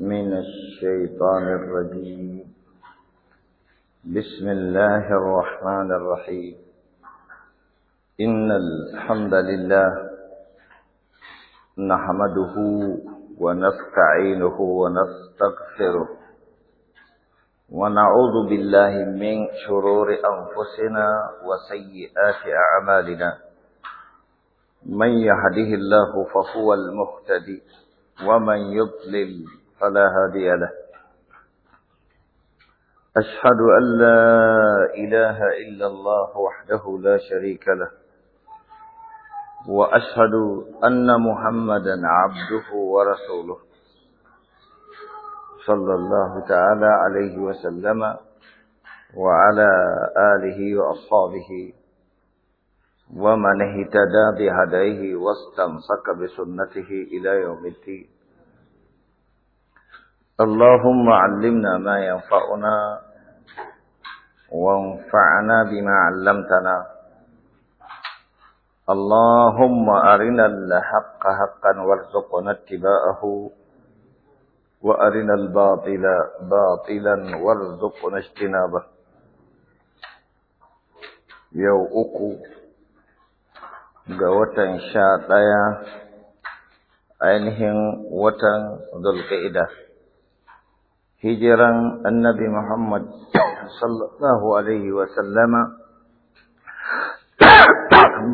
من الشيطان الرجيم بسم الله الرحمن الرحيم إن الحمد لله نحمده ونستعينه ونستغفره ونعوذ بالله من شرور أنفسنا وسيئات أعمالنا من يهده الله فهو المهتدي ومن يضلل فلا هادي له أشهد أن لا إله إلا الله وحده لا شريك له وأشهد أن محمدا عبده ورسوله صلى الله تعالى عليه وسلم وعلى آله وأصحابه ومن اهتدى بهديه واستمسك بسنته إلى يوم الدين اللهم علمنا ما ينفعنا وانفعنا بما علمتنا اللهم أرنا الحق حقا وارزقنا اتباعه وأرنا الباطل باطلا وارزقنا اجتنابه يو أكو قوة أنهم وطن ذو القئده hijiran annabi Muhammad sallallahu alaihi wa sallama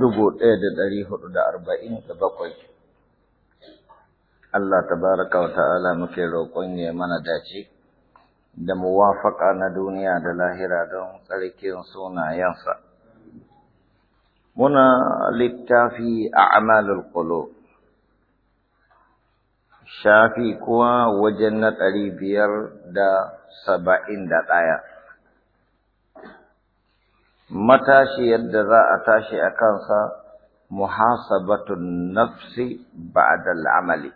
dubu ɗaya da arba'in da bakwai. Allah tabaraka wa ta'ala muke roƙon ya mana dace da muwafaƙa na duniya da lahira don tsarkin 'yansa. Muna littafi a amalul qulub shafi kuwa wajen na ɗari biyar da saba'in da ɗaya. Matashi yadda za a tashi a kansa muhasabatun nafsi ba da amali.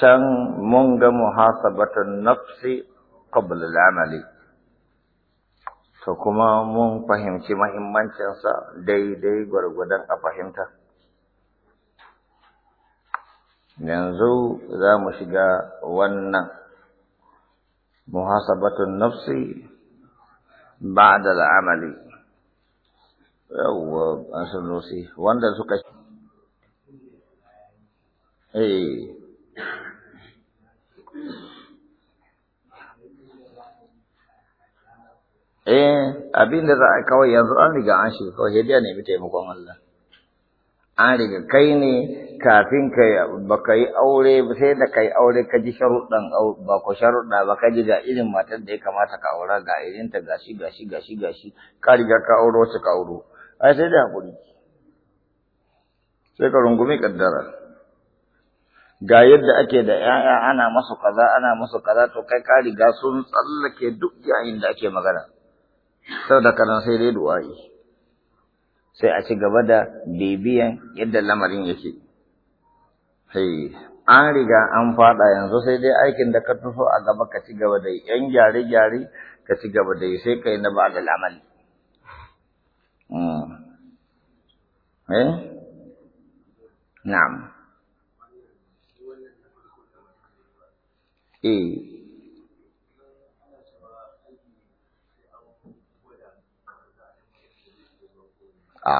Can mun ga muhasabatun nafsi ƙabla amali. To kuma mun fahimci mahimmancinsa daidai gwargwadon a fahimta. yanzu za mu shiga wannan muhasabatun nafsi ba'da al'amali yawwa nosi wanda suka eh eh abinda za a kawai yanzu an riga an shiga kawai hediya nemi taimakon Allah an riga kai ne kafin ka baka yi aure sai da kai aure ka ji sharuɗan ba ko sharuɗa ba ka ji ga irin matar da ya kamata ka aura ga irin ta gashi gashi gashi gashi ka riga ka auro wacce ka auro ai sai da hakuri sai ka rungumi kaddara ga yadda ake da 'ya'ya ana masu kaza ana masu kaza to kai ka riga sun tsallake duk yayin da ake magana da kana sai dai du'a'i sai a ci gaba da bibiyan yadda lamarin yake Hey, an riga an fada yanzu sai dai aikin da ka tuso a gaba ka ci gaba da yan gyare-gyare ka ci gaba da sai kai na ba da lamari hmm. eh na'am eh a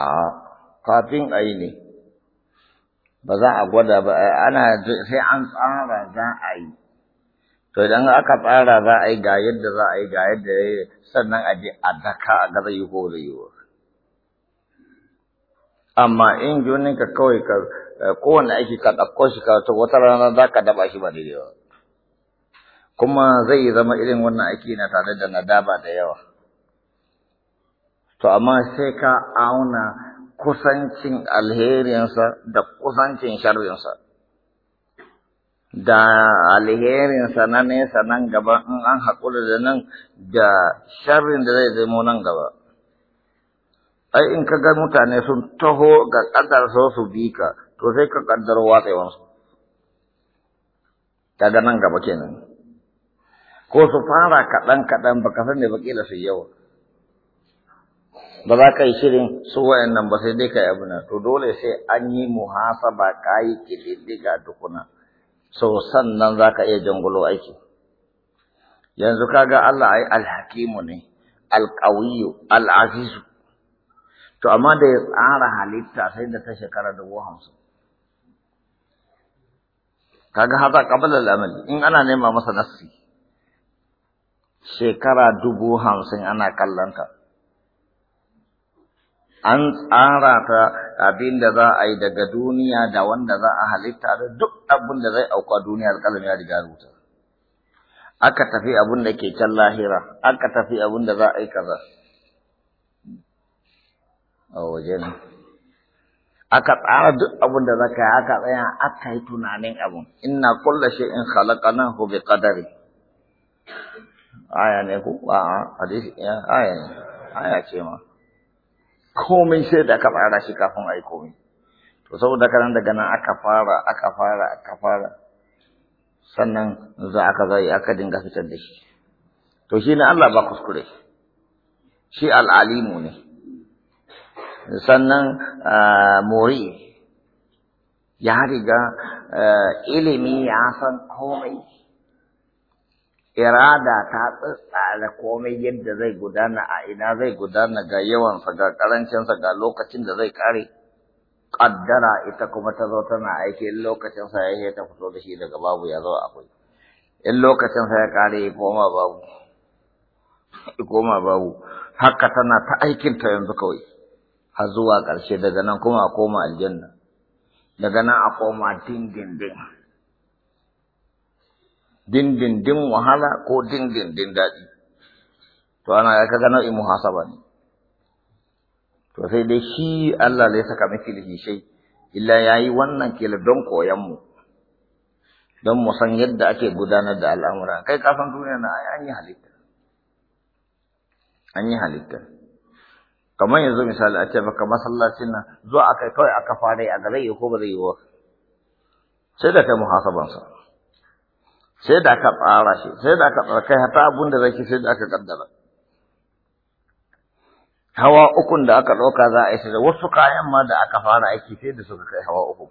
kafin ayi ne ba za a gwada ba ana sai an tsara za a yi to idan aka tsara za a yi ga yadda za a yi ga yadda ya yi sannan a je a daka a ga zai ko zai yiwa. amma in junin ka kawai ka kowane aiki ka ɗauko shi ka to wata rana za ka daba shi ba da ba kuma zai zama irin wannan aiki na tare da nadaba da yawa to amma sai ka auna kusancin alherinsa da kusancin sharrinsa da alherinsa na nesa nan gaba in an haƙura da nan da sharrin da zai zamo nan gaba ai in ka ga mutane sun taho ga ƙasar so su bi ka to sai ka ƙaddaro watsewansu daga nan gaba kenan ko su fara kaɗan kaɗan baka san ne ba ƙila su yawa ba za ka yi shirin su wayannan ba sai dai ka yi nan to dole sai an yi muhasaba ka yi kididdiga tukuna so sannan za ka iya jangulo aiki yanzu ka ga Allah ai alhakimu ne al alazizu to amma da ya tsara halitta sai da ta shekara dubu hamsin ga haza qabla al in ana nema masa nassi shekara dubu hamsin ana kallon ka. an tsara ta abin da za a yi daga duniya da wanda za a halitta da duk abin da zai auka duniya alƙalam ya riga rubuta aka tafi abin da ke can lahira aka tafi abin da za a yi kaza a waje ne aka tsara duk abin da za ka yi aka tsaya aka yi tunanin abin Ina kulla shi in khalaqana nan bi kadari. aya ne ku a'a hadisi aya ne aya ce ma komai sai da aka fara shi kafin a yi komai to saboda nan daga nan aka fara aka fara aka fara sannan za aka zai aka dinga fitar da shi to shi ne Allah ba kuskure shi al'alimu ne sannan mori ya riga ilimi ya san komai irada ta da komai yadda zai gudana a ina zai gudana ga yawansa ga karancinsa ga lokacin da zai kare kaddara ita kuma ta zo tana aiki in lokacinsa ya ta fito da shi daga babu ya zo akwai in lokacinsa ya kare ya koma babu ya koma babu haka tana ta aikin ta yanzu kawai har zuwa ƙarshe daga nan kuma a koma aljanna daga nan a koma dindindin dindindin wahala ko dindindin daɗi to ana ya kaga nau'in muhasaba ne to sai dai shi Allah ya saka miki lihishai illa yayi wannan kila don koyan mu don mu san yadda ake gudanar da al'amura kai san duniya na an yi halitta an yi halitta kamar yanzu misali a ce maka masallacin nan zuwa akai kawai aka fara a gare zai yi ko ba zai yi ba sai da kai muhasabansa sai da aka tsara shi sai da aka tsara kai hata abun da zai sai da aka kaddara hawa ukun da aka ɗauka za a yi sai da wasu kayan ma da aka fara aiki sai da suka kai hawa uku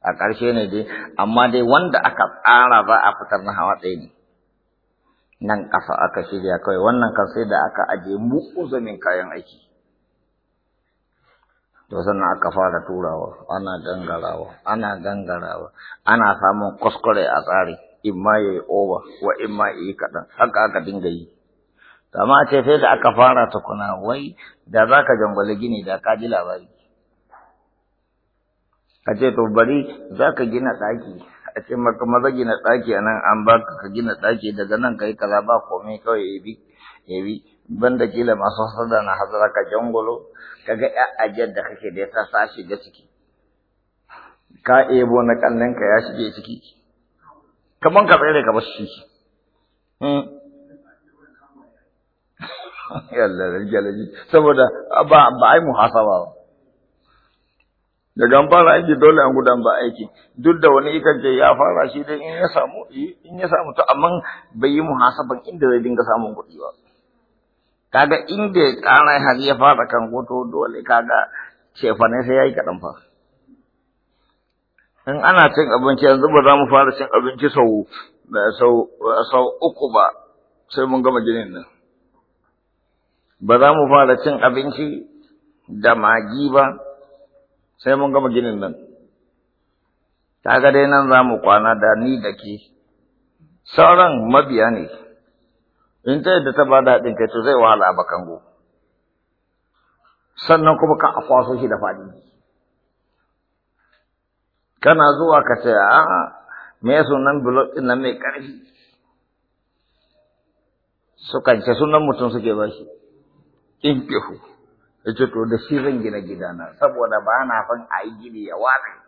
a ƙarshe ne dai amma dai wanda aka tsara za a fitar na hawa ɗaya ne nan ƙasa aka shirya kawai wannan kan sai da aka ajiye mu uzumin kayan aiki to sannan aka fara turawa ana gangarawa ana gangarawa ana samun kuskure a tsari In ma ya yi oba wa ma ya yi kaɗan haka aka dinga yi amma ce sai da aka fara tukuna wai da za ka jangwale gini da ka ji labari a ce to bari za ka gina ɗaki a ce maza gina ɗaki a nan an ba ka gina ɗaki daga nan ka yi kaza ba komai kawai ya bi banda kila masu hasada na hasara ka jangolo ga ya ajiyar da kake da ya ta shiga ciki ka ebo na kallon ka ya shige ciki kaman ka tsere ka bashi hmm. yalla rajalaji saboda ba ba ai muhasaba ba daga an fara aiki dole an gudan ba aiki duk da wani ikan ce ya fara shi dai in ya samu in ya samu to amma bai yi muhasaban inda zai dinga samun kuɗi ba kaga inda ya ƙara har ya fara kan goto dole kaga cefane sai ya yi kaɗan fa in ana cin abinci yanzu ba za mu fara cin abinci sau sau uku ba sai mun gama ginin nan ba za mu fara cin abinci da magi ba sai mun gama ginin nan kaga dai nan za mu kwana da ni da ke sauran mabiya ne in ta yadda ta bada haɗin kai to zai wahala a bakango sannan kuma ka a kwaso shi da faɗi kana zuwa ka ce a me ya sunan bulot ɗin nan mai ƙarfi sukan ce sunan mutum suke ba shi in kihu ya ce to da shi zan gina gidana saboda ba na son a yi gini ya wani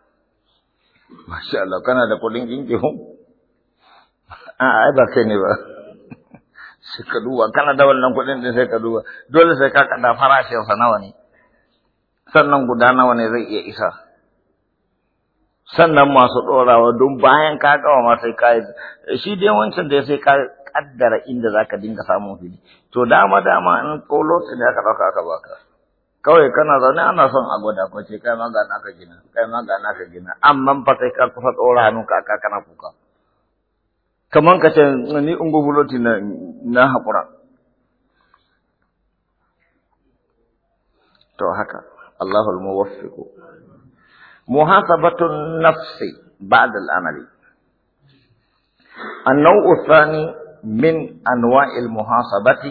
masha Allah kana da kuɗin in kihu a ai ba kai ne ba sai ka duba kana da wannan kuɗin din sai ka duba dole sai ka kada farashin sa nawa ne sannan guda nawa ne zai iya isa sannan masu ɗorawa don bayan ka gawa ma sai ka shi dai wancan da sai ka kaddara inda za ka dinga samun fili to dama dama in ko lokacin da aka ɗauka aka baka kawai kana zaune ana son a gwada ko ce kai ma ga naka gina kai ma ga naka gina amma fa sai ka kusa ɗora hannunka aka kana kuka kaman ka ce ni ungo buloti na na haƙura to haka Allahul muwaffiqu muhasabatun nafsi ba'da al-amali النوع الثاني من أنواع المحاسبة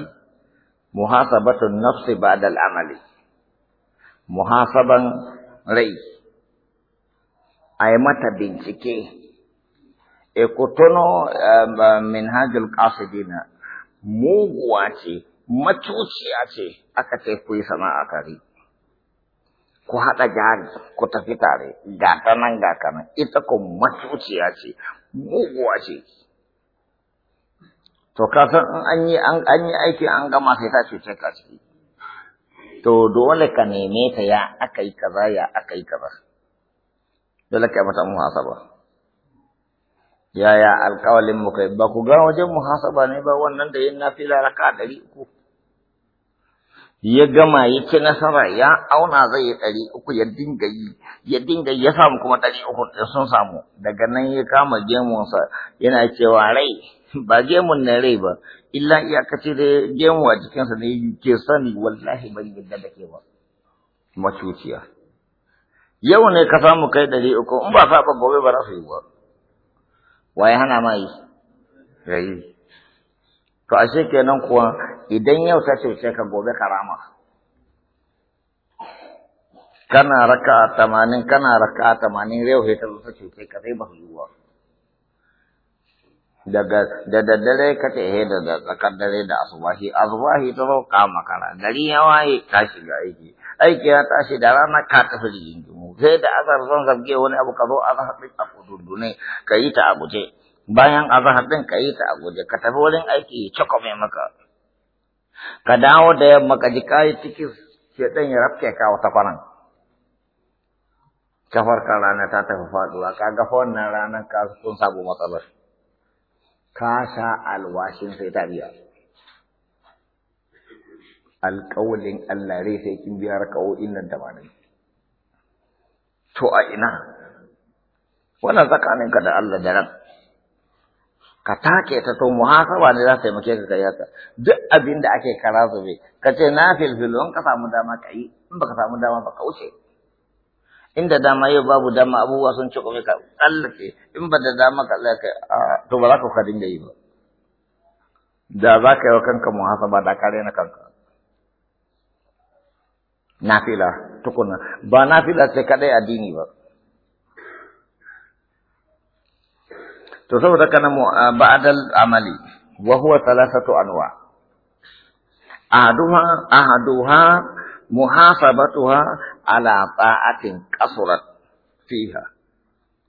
محاسبة النفس بعد العمل محاسبة rai a mata bincike ikutuno minhajul qasidina muguwa ce matuciya ce aka ce ku yi sana'a tare ku haɗa jari ku tafi tare ga kanan nan ga kanan nan ita ku macuciya ce muguwa ce to kasan in an yi aiki an gama sai ta cuce ka ciki to dole ka neme ta ya aka yi kaza ya aka yi kaza dole ka yi mata hasaba. yaya alƙawalin mu kai ba ku ga wajen muhasaba ne ba wannan da yin nafila raka ɗari uku ya gama ya ci nasara ya auna zai yi ɗari uku ya dinga yi ya dinga ya samu kuma ɗari uku sun samu daga nan ya kama gemunsa yana cewa rai ba gemun na rai ba illa iyakaci da gemu a jikinsa ne ke sani wallahi ban yadda da ke ba macuciya yau ne ka samu kai ɗari uku in ba sa ba gobe ba za su yi ba Waye hana ma yi to ashe kenan kuwa idan yau ta ce sai ka gobe karama kana raka tamanin kana raka tamanin yau sai ta zo ta ce sai ka ba su daga da daddare ka ta he da tsakar dare da asubahi asubahi ta zo kama kara gari ya waye ka shiga aiki aiki ya tashi da rana ka tafi rigingimu sai da azar zan zarge wani abu ka zo azahar din a kudundune ka yi ta a guje bayan azahar din ka yi ta a guje ka tafi wurin aiki ya mai maka ka dawo da yamma ka ji kayi cikin shedan ya rafke ka wata kwanan kafarka rana ta tafi faduwa ka ga wannan ranar ka sun sabu matsalar ka sha alwashin sai ta biya alƙawalin Allah rai sai kin biya raka'o'in nan da malai to a ina wannan tsakaninka da Allah da ran ka take ta to muhasaba ne za ta taimake ka kai haka duk abin da ake kara zube ka ce na filfilu in ka samu dama ka yi in baka samu dama ba ka wuce inda dama yau babu dama abubuwa sun ci kome ka tsallake in ba da dama ka tsallake to ba za ka ka dinga yi ba da za ka yi wa kanka muhasaba da ka na kanka nafila tukuna ba nafila ce kadai addini ba to saboda kana mu ba'dal amali wa huwa thalathatu anwa ahaduha ahaduha muhasabatuha ala ta'atin qasurat fiha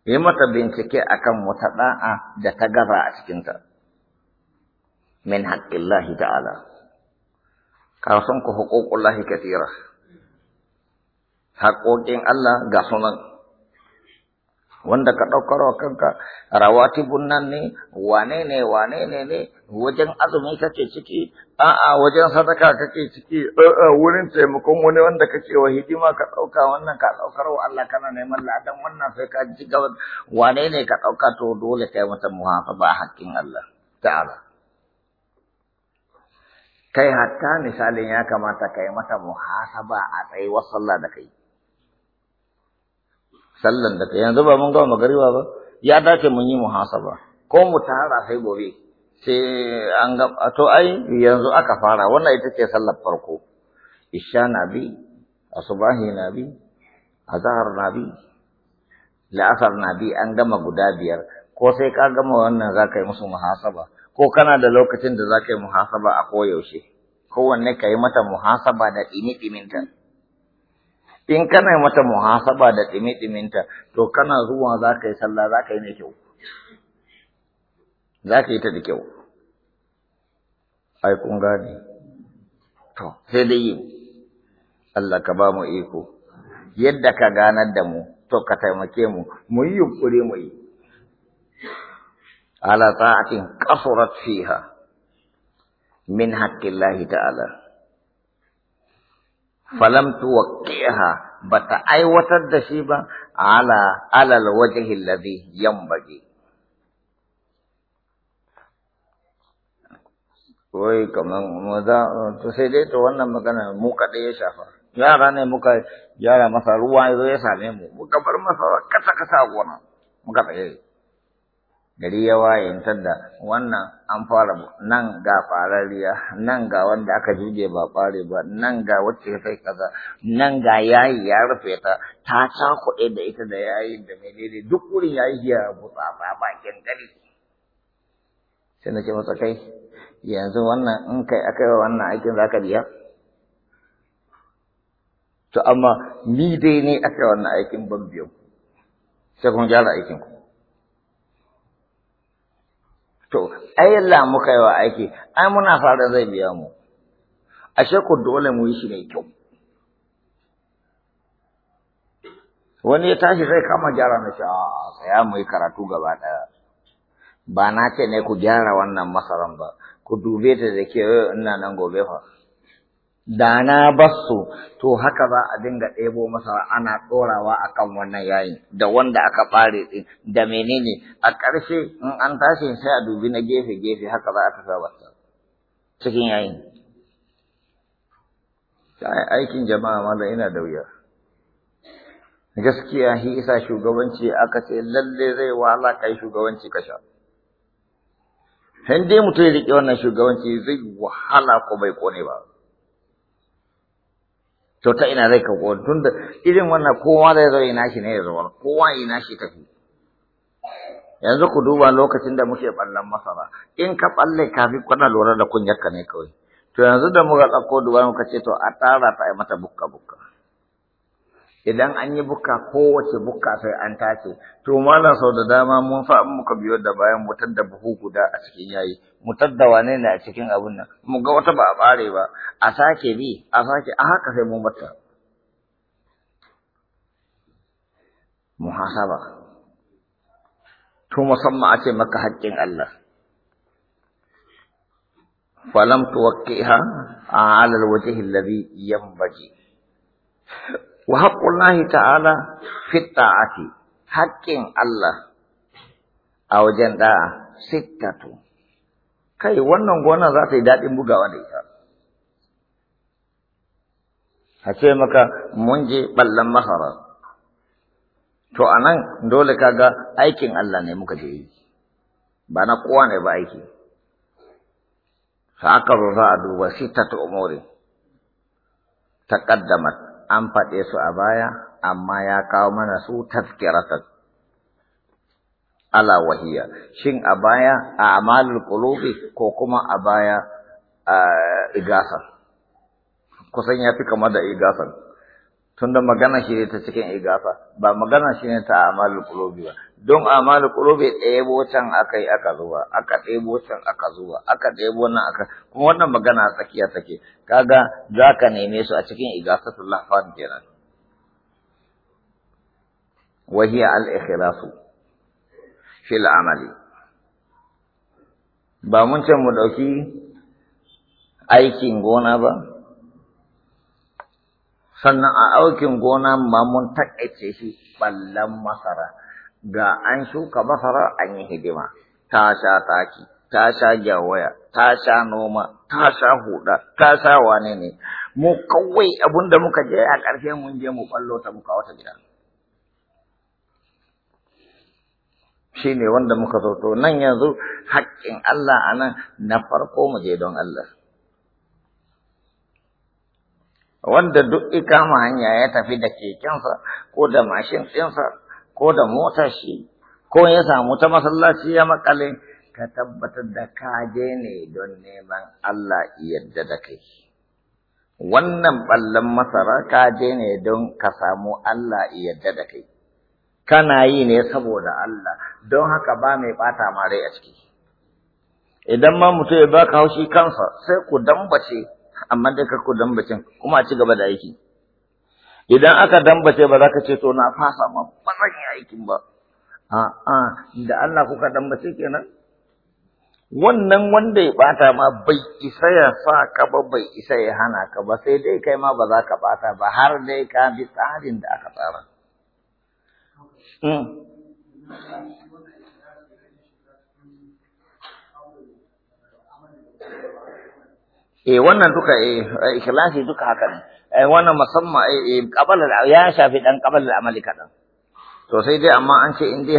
yi mata bincike akan wata da'a da ta gaba a cikinta min haqqillahi ta'ala ka san ku huququllahi katira haƙoƙin Allah ga sunan wanda ka wa kanka rawatibun nan ne wane ne wane ne ne wajen azumi kake ciki a'a wajen sadaka kake ciki a'a wurin taimakon wani wanda kake wa hidima ka ɗauka wannan ka ɗaukar wa Allah kana neman ladan wannan sai ka ji gaba wane ne ka ɗauka to dole kai mata muhasaba hakkin Allah ta'ala kai hatta misalin ya kamata kai mata muhasaba a tsayi sallah da kai sallan da yanzu ba mun gama magariba ba ya dace mun yi muhasaba ko mu tara sai gobe sai an ga to ai yanzu aka fara wannan ita ce sallar farko isha na bi asubahi na bi azhar na bi la'asar na bi an gama guda biyar ko sai ka gama wannan za ka yi musu muhasaba ko kana da lokacin da za ka yi muhasaba a koyaushe kowanne ka yi mata muhasaba da ɗimi-ɗiminta. in kana mata muhasaba da ɗimi-ɗiminta to kana zuwa za ka yi sallah za ka yi kyau za ka yi ta da kyau ai kun gane to sai dai Allah ka ba mu iko yadda ka ganar da mu to ka taimake mu mu yi yunkuri mu yi ala ta'atin kasurat fiha min haqqillahi ta'ala falam tuwaqqiha bata aiwatar da shi ba ala alal wajhi alladhi yanbaghi koi kaman maza to sai dai to wannan magana mu kada ya shafa yara ne muka yara masa ruwa ya zo ya same mu muka bar masa kasa kasa a gona muka tsaye gari ya waye da wannan an fara nan ga farariya nan ga wanda aka juje ba bare ba nan ga wacce ya kai kaza nan ga yayi ya rufe ta ta ta kuɗe da ita da yayi da menene duk wurin yayi ya butsa ba bakin gari sai na ce masa kai yanzu wannan in kai akai wa wannan aikin zaka biya to amma ni dai ne akai wannan aikin ban biyo sai kun gyara aikin ku To, ai yalla muka yi wa aiki, ai muna fara zai biya mu. Ashe ku dole mu yi shi mai kyau. Wani ya tashi zai kama gyara na shi, a tsaya mu yi karatu gaba ɗaya. Ba na ce ne ku gyara wannan masaran ba, ku dube ta da ke eh, ina nan gobe fa. da na basu to haka za a dinga ɗebo masara ana ɗorawa a kan wannan yayin da wanda aka ɓare ɗin da menene a ƙarshe in an tashi sai a dubi na gefe-gefe haka za a tafi basta cikin yayin aikin jama'a ma da ina da wuya gaskiya shi isa shugabanci aka ce lalle zai wahala kai shugabanci kasha sai dai mutum ya riƙe wannan shugabanci zai wahala ko bai kone ba to ta ina zai ka kowa tun da irin wannan kowa zai zo ina shi ne ya zuwa kowa ina shi tafi yanzu ku duba lokacin da muke ballan masara in ka balle kafi kwana lura da kunyar kunyarka ne kawai to yanzu da muka ɗauko duba muka ce to a tsara ta ai mata bukka bukka idan an yi bukka kowace bukka sai an tace to malam sau da dama mun fa an muka biyo da bayan mutar da buhu guda a cikin yayi mutar da wane ne a cikin abun nan mu ga wata ba a bare ba a sake bi a sake a haka sai mu mata muhasaba to musamman a ce maka haƙƙin Allah falam tuwaqqiha ala alwajhi alladhi yanbaji wa haqqullahi ta'ala fi ta'ati haƙƙin Allah a wajen da sittatu kai wannan gona za ta yi daɗin bugawa da ita a ce maka mun je ballan masara to anan nan dole kaga aikin Allah ne muka je yi ba na kowa ne ba aiki fa aka za a duba sittatu umuri taqaddamat an faɗe su a baya amma ya kawo mana su tazkiratan ala wahiya shin a baya a amalul qulubi ko kuma a baya a igasa kusan ya fi kama da igasan tunda magana shi ne ta cikin igafa ba magana shi ne ta amalul qulubi ba don amalul qulubi ɗebo can akai aka zuba aka ɗebo can aka zuba aka ɗebo nan aka kuma wannan magana tsakiya take kaga zaka neme su a cikin igafatul lahfan kenan wa hiya al ikhlasu fil amali ba mun ce mu dauki aikin gona ba sannan a aukin gona ma mun taƙaice shi ballan masara ga an shuka masara an yi hidima ta sha taki ta sha gyawaya ta sha noma ta sha huda, ta sha wane ne mu kawai abun da muka je a ƙarshe mun je mu ballo ta muka wata gida shi ne wanda muka zo to nan yanzu haƙƙin Allah a nan na farko mu je don Allah wanda duk ikama hanya ya tafi da kekensa ko da mashin ɗinsa ko da motar shi ko ya samu ta masallaci ya makale ka tabbatar da ka ne don neman Allah yadda da kai wannan ballan masara ka je ne don ka samu Allah yadda da kai kana yi ne saboda Allah don haka ba mai bata mare a ciki idan ma mutum ya baka haushi kansa sai ku dambace amma dai ka ko dambacin kuma a ci gaba da aiki idan aka dambace ba za ka ce to na fasa ma ba zan yi aikin ba a'a da Allah kuka dambace kenan wannan wanda ya bata ma bai isa ya sa ka ba bai isa ya hana ka ba sai dai kai ma ba za ka bata ba har dai ka bi tsarin da aka tsara hmm. eh wannan duka eh, eh ikhlasi duka haka ne eh wannan musamman eh kabalar eh, ya shafi dan kabalar amali kadan to sai dai amma an ce in dai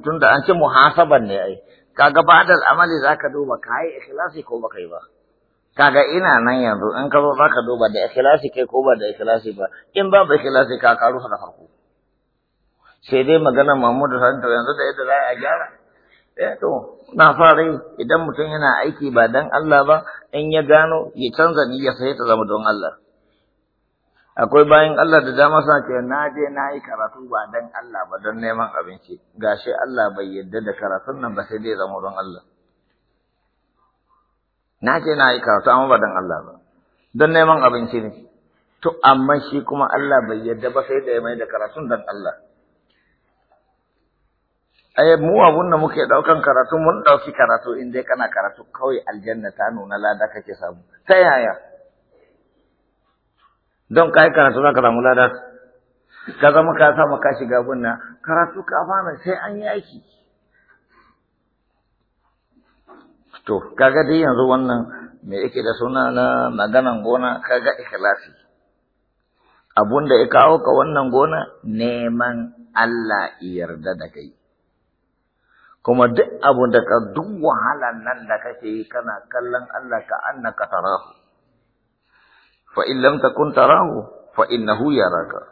tunda an ce muhasaban ne ai eh, kaga da amali zaka duba kai ikhlasi ko ba kai ba kaga ina nan yanzu in ka zo zaka duba da ikhlasi kai ko ba da ikhlasi ba in ba ba ikhlasi ka karu da farko sai dai magana Muhammadu sallallahu alaihi yanzu da yadda za a gyara Eh to, na fara idan mutum yana aiki ba dan Allah ba, in ya gano ya canza niyya sai ya zama don Allah. Akwai bayan Allah da dama suna ce na je na yi karatu ba dan Allah ba don neman abinci. Gashi Allah bai yarda da karatun nan ba sai dai zama don Allah. Na je na yi karatu amma ba dan Allah ba. Don neman abinci ne. To amma shi kuma Allah bai yarda ba sai da ya mai da karatun dan Allah. ayi mu abun da muke daukan karatu mun dauki karatu in dai kana karatu kawai aljanna ta nuna lada kake samu ta yaya don kai karatu zaka samu lada ka zama ka samu ka shiga gunna karatu ka fara sai an yaki. to kaga dai yanzu wannan me yake da suna na maganan gona kaga ikhlasi abun da ya kawo ka wannan gona neman Allah yarda da kai kuma duk abu da ka duk wahalan nan da kake yi kana kallon Allah ka annaka tarahu fa in lam takun tarahu fa innahu yaraka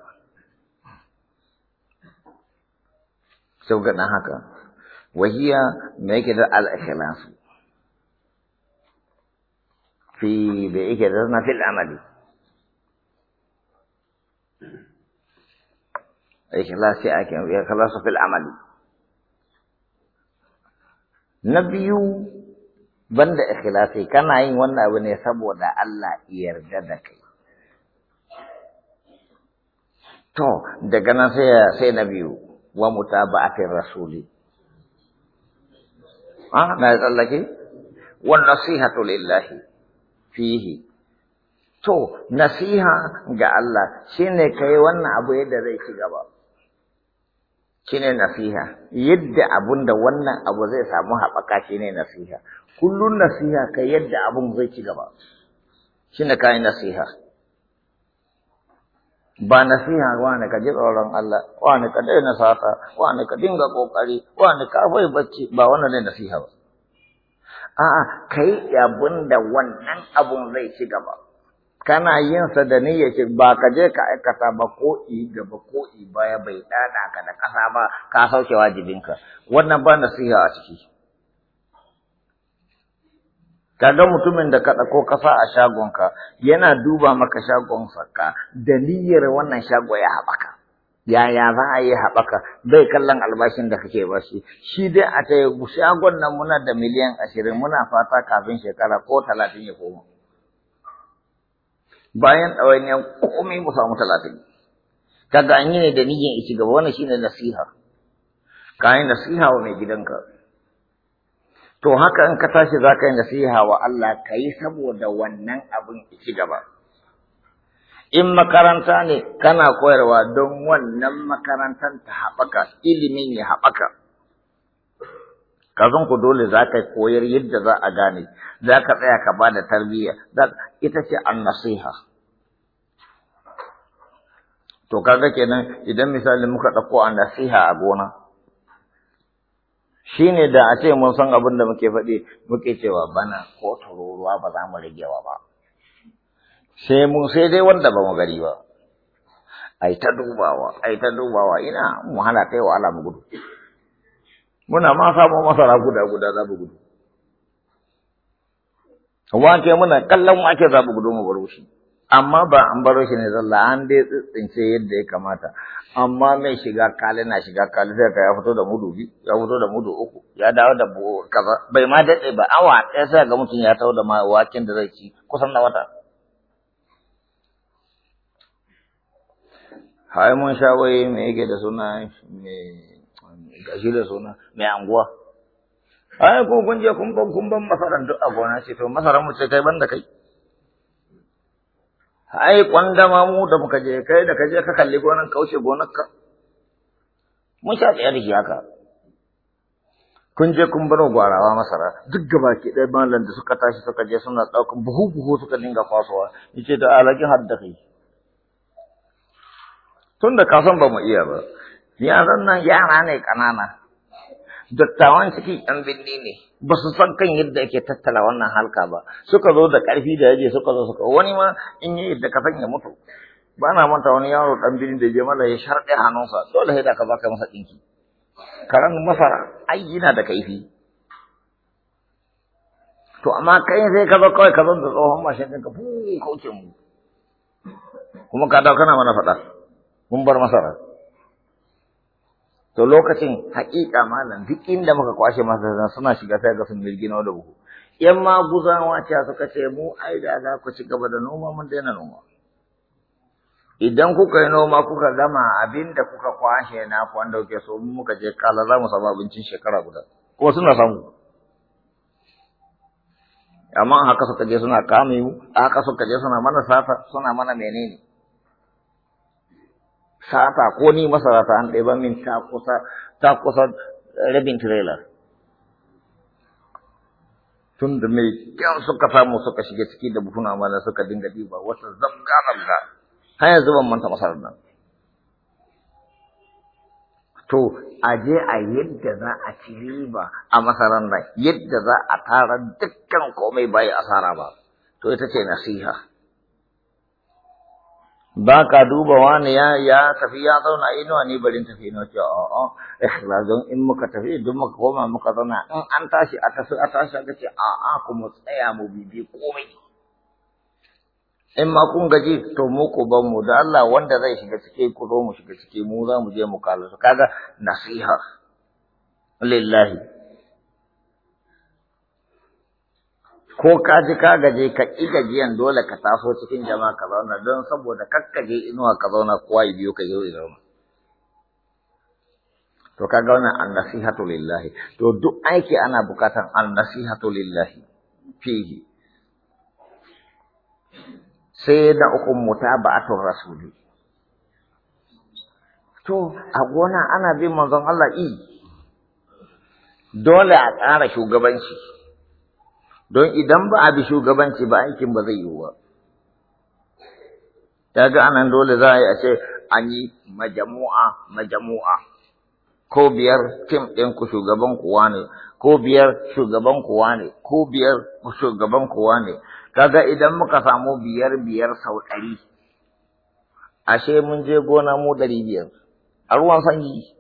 sau ga haka wahiya me yake da al ikhlas fi da yake da na fil amali ikhlas ikhlasi ake ikhlasu fil amali na biyu banda ikhlasi kana yin wannan abu ne saboda Allah yarda da kai to daga nan sai sai na biyu wa mutaba'atir rasuli ah na tsallake wan nasihatu lillahi fihi to nasiha ga Allah shine kai wannan abu yadda zai ci gaba shine nasiha yadda abun da wannan abu zai samu haɓaka shine nasiha kullun nasiha kai yadda abun zai ci gaba shine kai nasiha ba nasiha wa ne ka ji tsoron Allah wa ne ka daina sata ne ka dinga kokari ne ka bai bacci ba wannan ne nasiha ba a'a kai abun da wannan abun zai ci gaba kana yin sa da niyya ce ba ka je ka aikata ba ko i ba ko i baya bai dana ka da kasa ba ka sauke wajibinka wannan ba nasiha a ciki kaga mutumin da ka ɗauko kasa a shagonka yana duba maka shagon ka da niyyar wannan shago ya haɓaka yaya za a yi haɓaka bai kallon albashin da kake ba shi shi dai a ta shagon nan muna da miliyan ashirin muna fata kafin shekara ko talatin ya koma bayan ɗawainiyar komai mu samu talatin kaga an yi ne da niyyar isi gaba wani shi ne nasiha kayan nasiha wa mai gidanka To haka in ka tashi za ka yi nasiha wa Allah ka yi saboda wannan abin isi gaba. In makaranta ne kana koyarwa don wannan makarantar ta haɓaka, ilimin ya haɓaka. kazan ku dole za ka koyar yadda za a gane za ka tsaya ka ba da tarbiyya ita ce an nasiha to kaga kenan idan misali muka ɗauko an nasiha a gona shi ne da a ce mun san abin da muke faɗi muke cewa bana ko tururuwa ba za mu ragewa ba sai mun sai dai wanda ba mu gari ba ai ta dubawa ai ta dubawa ina mu hana kai wa ala mu gudu muna ma samu masara guda guda za gudu wake muna kallon wake za gudu mu baro shi amma ba an baro shi ne zalla an dai tsintsince yadda ya kamata amma mai shiga kale na shiga kale sai ka ya fito da mudu bi ya fito da mudu uku ya dawo da kaza bai ma daɗe ba awa ɗaya sai ga mutum ya tawo da waken da zai ci kusan na wata hai mun sha wai me yake da suna me gashi da suna mai anguwa ai ko kun je kun ban kun ban masaran duk a gona ce to masaran mu ce kai banda kai ai kwandama mu da muka je kai da kaje ka kalli gonan kaushe gonar ka mun sha tsaye da shi haka kun je kun bar gwarawa masara duk gaba ke ɗaya malam da suka tashi suka je suna ɗaukan buhu buhu suka dinga kwasowa yace da alaki hadda kai tun da ka san ba mu iya ba yaran nan yara ne ƙanana dattawan ciki yan binni ne ba su san kan yadda ake tattala wannan halka ba suka zo da ƙarfi da yaje suka zo suka wani ma in yi yadda ka san ya mutu ba na manta wani yaro dan binni da je mala ya sharɗe hannunsa dole sai da ka baka masa ɗinki karan masara ai yana da kaifi to amma kai sai ka zo kawai ka zo da tsohon mashin ɗin ka fuka wuce mu kuma ka dawo kana mana faɗa mun bar masara to lokacin haƙiƙa malam duk inda muka kwashe masa suna shiga sai ga sun girgino da buhu yan ma guzawa ce suka ce mu ai da za ku ci gaba da noma mun daina noma idan kuka yi noma kuka gama abin da kuka kwashe na ku dauke so mu muka je kala za mu samu abincin shekara guda kuma suna samu amma haka suka je suna kame mu haka suka je suna mana sata suna mana menene sata ko ni masara ta an ba min ta kusa ta kusa rabin trailer tun da mai kyau suka samu suka shiga ciki da buhuna mana suka dinga diba wata zabga zabga har yanzu manta masarar nan to a je a yadda za a ci riba a masarar nan yadda za a tara dukkan komai bai asara ba to ita ce nasiha ba ka duba wani ya ya tafi ya zauna inuwa ne barin tafi inuwa ce a a ikhlas in muka tafi duk muka koma muka zauna in an tashi a tasu a tashi aka ce a a mu tsaya mu bibi komai in ma kun gaji to mu ku ban mu da Allah wanda zai shiga cike ku zo mu shiga cike mu za mu je mu kalasu kaga nasiha lillahi ko ka ji ka gaje ka ƙi gajiyan dole ka taso cikin jama'a ka zauna don saboda kakkaje inuwa ka zauna kowa ya biyo ka zo ya zauna to ka ga wannan annasihatu lillahi to duk aiki ana bukatan annasihatu lillahi fihi sai na uku mutaba'atul rasuli to a gona ana bin manzon Allah i dole a ƙara shugabanci don idan ba a bi shugabanci ba aikin ba zai yiwu ba ta ga anan dole za a yi a ce an yi majamu'a majamu'a ko biyar tim ɗin ku shugaban kuwa ne ko biyar shugaban kuwa ne ko biyar shugaban kuwa ne kaga idan muka samu biyar biyar sau ɗari ashe mun je gona mu ɗari biyar a ruwan sanyi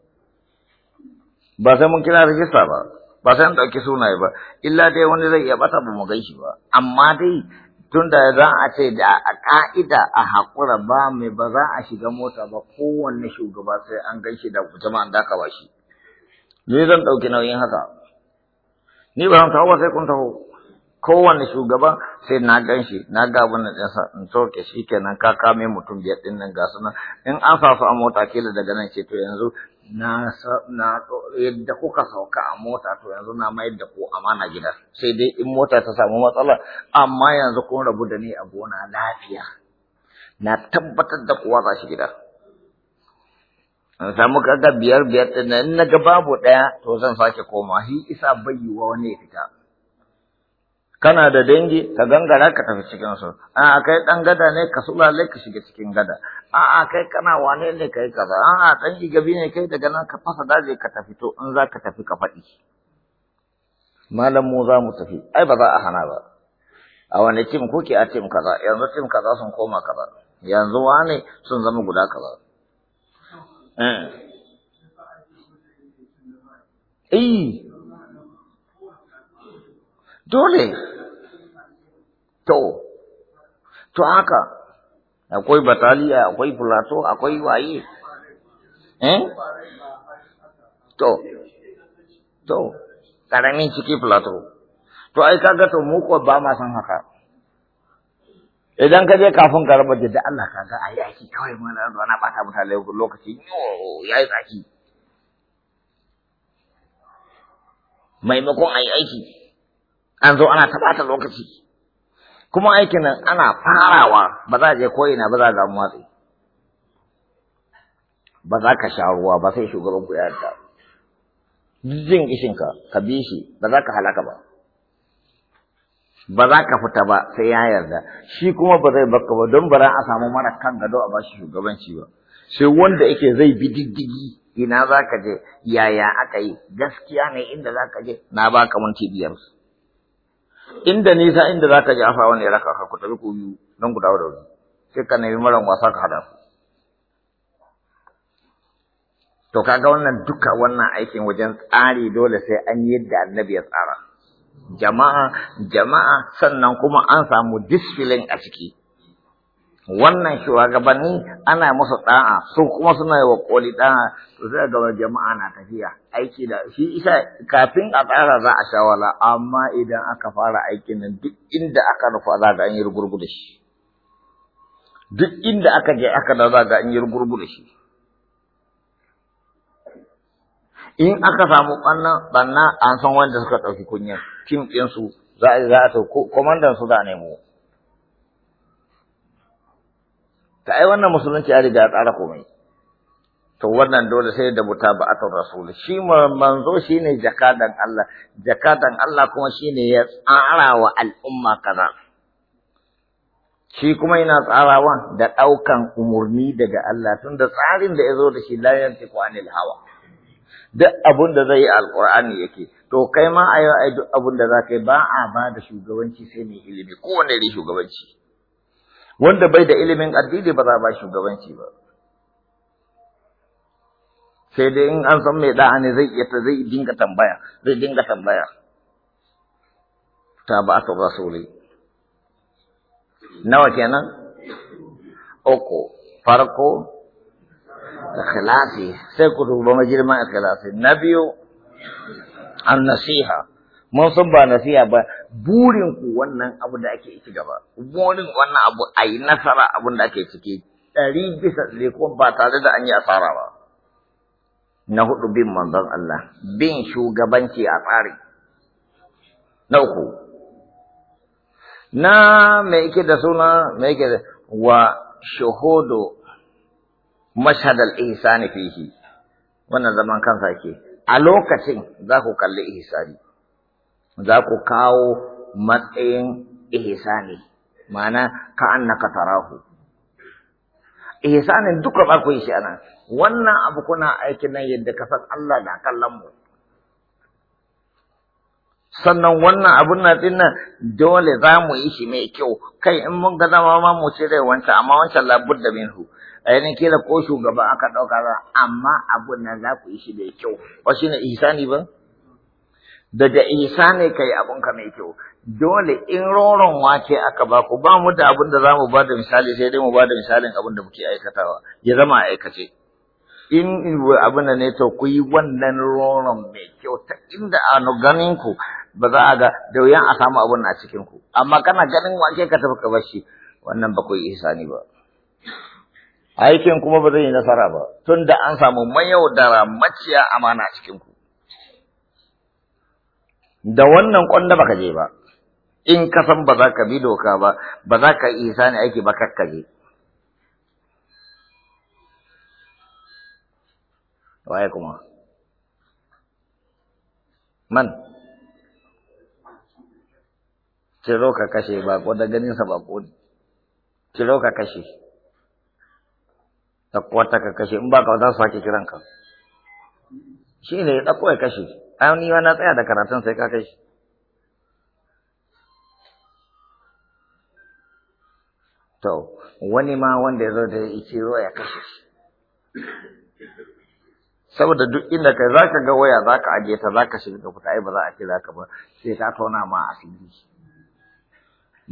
ba sai mun kira rajista ba ba sai an ɗauki sunaye ba illa dai wani zai iya bata ba mu gaishe ba amma dai tunda za a ce da a ka'ida a hakura ba mai ba za a shiga mota ba kowanne shugaba sai an gaishe da jama'an da aka bashi. ni zan ɗauki nauyin haka ni ba zan tawo sai kun taho kowane shugaba sai na gan shi na ga abin da ɗansa in soke shi kenan ka kame mutum biyar ɗin nan ga suna in an a mota kila daga nan ce to yanzu na na yadda kuka sauka a mota to yanzu na mayar da ku amana gida. sai dai in mota ta samu matsala amma yanzu kun rabu da ni a gona lafiya na tabbatar da kowa za shi gida in samu kaga biyar biyar ɗin nan in na ga babu ɗaya to zan sake koma hi isa bayyuwa wani ya fita kana da dangi ka gangara ka tafi cikin su a kai dan gada ne ka sulale ka shiga cikin gada a a kai kana wane ne kai kaza a a dan igabi ne kai daga nan ka fasa daje ka tafi to in za ka tafi ka faɗi malam mu za mu tafi ai ba za a hana ba a wani tim kuke a tim kaza yanzu tim kaza sun koma kaza yanzu wane sun zama guda kaza eh Dole. To, to haka, akwai bataliya, akwai plato, akwai waye. Eh? To, to, karamin ciki plato. To, ai kaga to mu ko ba ma san haka. Idan ka je kafin ka raba da Allah kaga ai yaki kawai mana zuwa na ɓata mutane lokaci, ya yi Maimakon ai yi aiki. an zo ana taɓata lokaci kuma aikin nan ana farawa ba za a je ko'ina ba za a damu matsi ba za ka sha ruwa ba sai shugaban ku ya yarda duk jin ka bi shi ba za ka halaka ba ba za ka fita ba sai ya yarda shi kuma ba zai baka ba don bara a samu mara kan gado a bashi shugabanci ba sai wanda yake zai bi diddigi ina za ka je yaya aka yi gaskiya ne inda za ka je na baka minti biyar inda nisa inda za ka ji afa wani ya raka ka ku tabi ku biyu don ku dawo da wuri sai ka nemi maran wasa ka hada su to kaga wannan duka wannan aikin wajen tsari dole sai an yi yadda annabi ya tsara jama'a jama'a sannan kuma an samu disfilin a ciki wannan shugabanni ana musu da'a su kuma suna yi wa koli da'a su zai ga jama'a na tafiya aiki da shi isa kafin a tsara za a shawala amma idan aka fara aikin nan duk inda aka rufa za ga an yi rugurgu da shi duk inda aka je aka da za ga an yi rugurgu da shi in aka samu ɓanna ɓanna an san wanda suka ɗauki kunya tim ɗinsu za a ko komandan su za a nemo ta ai wannan musulunci ya riga ya tsara komai to wannan dole sai da atar rasul shi manzo shine jakadan Allah jakadan Allah kuma shine ya tsara wa al'umma kaza shi kuma yana tsarawa da ɗaukan umurni daga Allah tun da tsarin da yazo da shi la yantiqu anil hawa duk abun da zai yi alqur'ani yake to kai ma a ai duk abun da za kai ba a ba da shugabanci sai mai ilimi kowane shugabanci wanda bai da ilimin addini ba za ba shugabanci ba sai dai in an san mai da'a ne zai iya zai dinga tambaya zai dinga tambaya ta ba ta rasuli nawa kenan uku farko ikhlasi sai ku duba majirman ikhlasi na biyu an nasiha mun san ba nasiha ba burin ku wannan abu da ake ci gaba burin wannan abu a yi nasara abun da ake ciki ɗari bisa ɗari ko ba tare da an yi asara ba na hudu bin manzon Allah bin shugabanci a tsari na uku na mai yake da suna mai yake da wa shahudu mashhadal ihsani fihi wannan zaman kansa ke a lokacin za ku kalli ihsani za ku kawo matsayin ihsani ma'ana ka annaka tarahu ihsanin duka ba ku yi shi anan wannan abu kuna aikin nan yadda ka san Allah na kallan mu sannan wannan abun na din dole za mu yi shi mai kyau kai in mun ga zama ma mu dai wancan amma wancan labur da minhu ainihin kila ko shugaba aka ɗauka amma abun nan za ku yi shi mai kyau ba shi ne ihsani ba daga Isa ne ka yi ka mai kyau dole in roron wake aka ba ku ba mu da abin da za mu ba da misali sai dai mu ba da misalin abin da muke aikatawa ya zama a aikace in abin da ne to ku yi wannan roron mai kyau ta inda a ganin ku ba za a ga da wuyan a samu abin a cikin ku amma kana ganin wake ka tafi ka bashi. wannan ba ku yi ihsani ba aikin kuma ba zai yi nasara ba tun da an samu mayaudara maciya amana a cikin ku da wannan kwanda baka je ba in ka san ba za ka bi doka ba ba za ka isa ne aiki ba kakkaje waye kuma man ciro ka kashe ba ko da ganin sa ba ko ciro ka kashe ta kwata ka kashe in ba ka za su sake kiran ka shine ya dauko ya kashe an na tsaya da karatun sai ka kai to wani ma wanda ya zo da yi ruwa ya kashe shi saboda duk inda kai ka ga waya za ka ajiye ta ka shiga ka fita ai ba za a ce ka ba sai ta tona ma asiri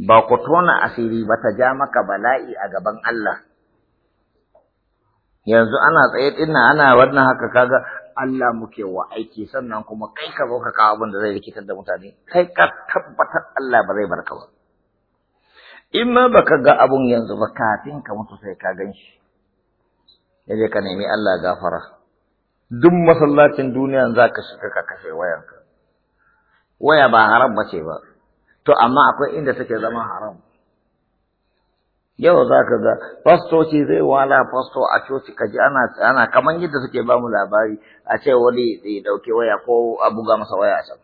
ba ku tona asiri ba ta ja maka bala'i a gaban Allah yanzu ana tsaye dinnan ana wannan haka kaga Allah muke wa aiki sannan kuma kai ka zo ka kawo abin da zai rikitar da mutane kai ka tabbatar Allah ba zai barka ba in ma baka ga abun yanzu ba kafin ka mutu sai ka gan shi yaje ka nemi Allah gafara duk masallacin duniya za ka shiga ka kashe wayanka waya ba haram ba ce ba to amma akwai inda take zama haram yau za ka ga fastoci zai wala fasto a coci kaji ana ana kamar yadda suke ba mu labari a ce wani ya dauke waya ko a buga masa waya a can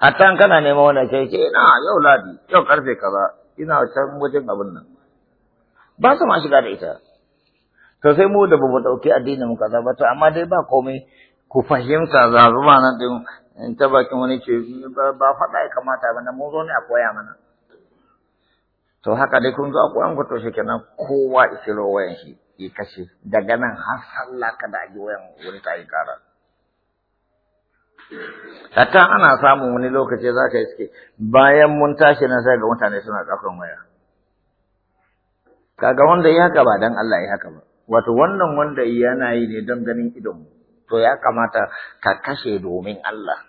hatta an kana neman wani ce ce na yau ladi yau karfe kaza ina can wajen abin nan ba su ma shiga da ita to sai mu da ba mu dauki addinin mu kaza ba to amma dai ba komai ku fahimta za zuwa nan din ta bakin wani ce ba faɗa ya kamata ba na mu zo ne a koya mana to haka dai kun zo a ƙuran ku shi kenan kowa isiro wayan shi ya kashe daga nan har sallah ka da aji wayan wani ta yi kara hatta ana samun wani lokaci za ka suke, bayan mun tashi na sai ga mutane suna ɗaukan waya kaga wanda ya haka ba dan Allah ya haka ba wato wannan wanda yana yi ne don ganin idonmu to ya kamata ka kashe domin Allah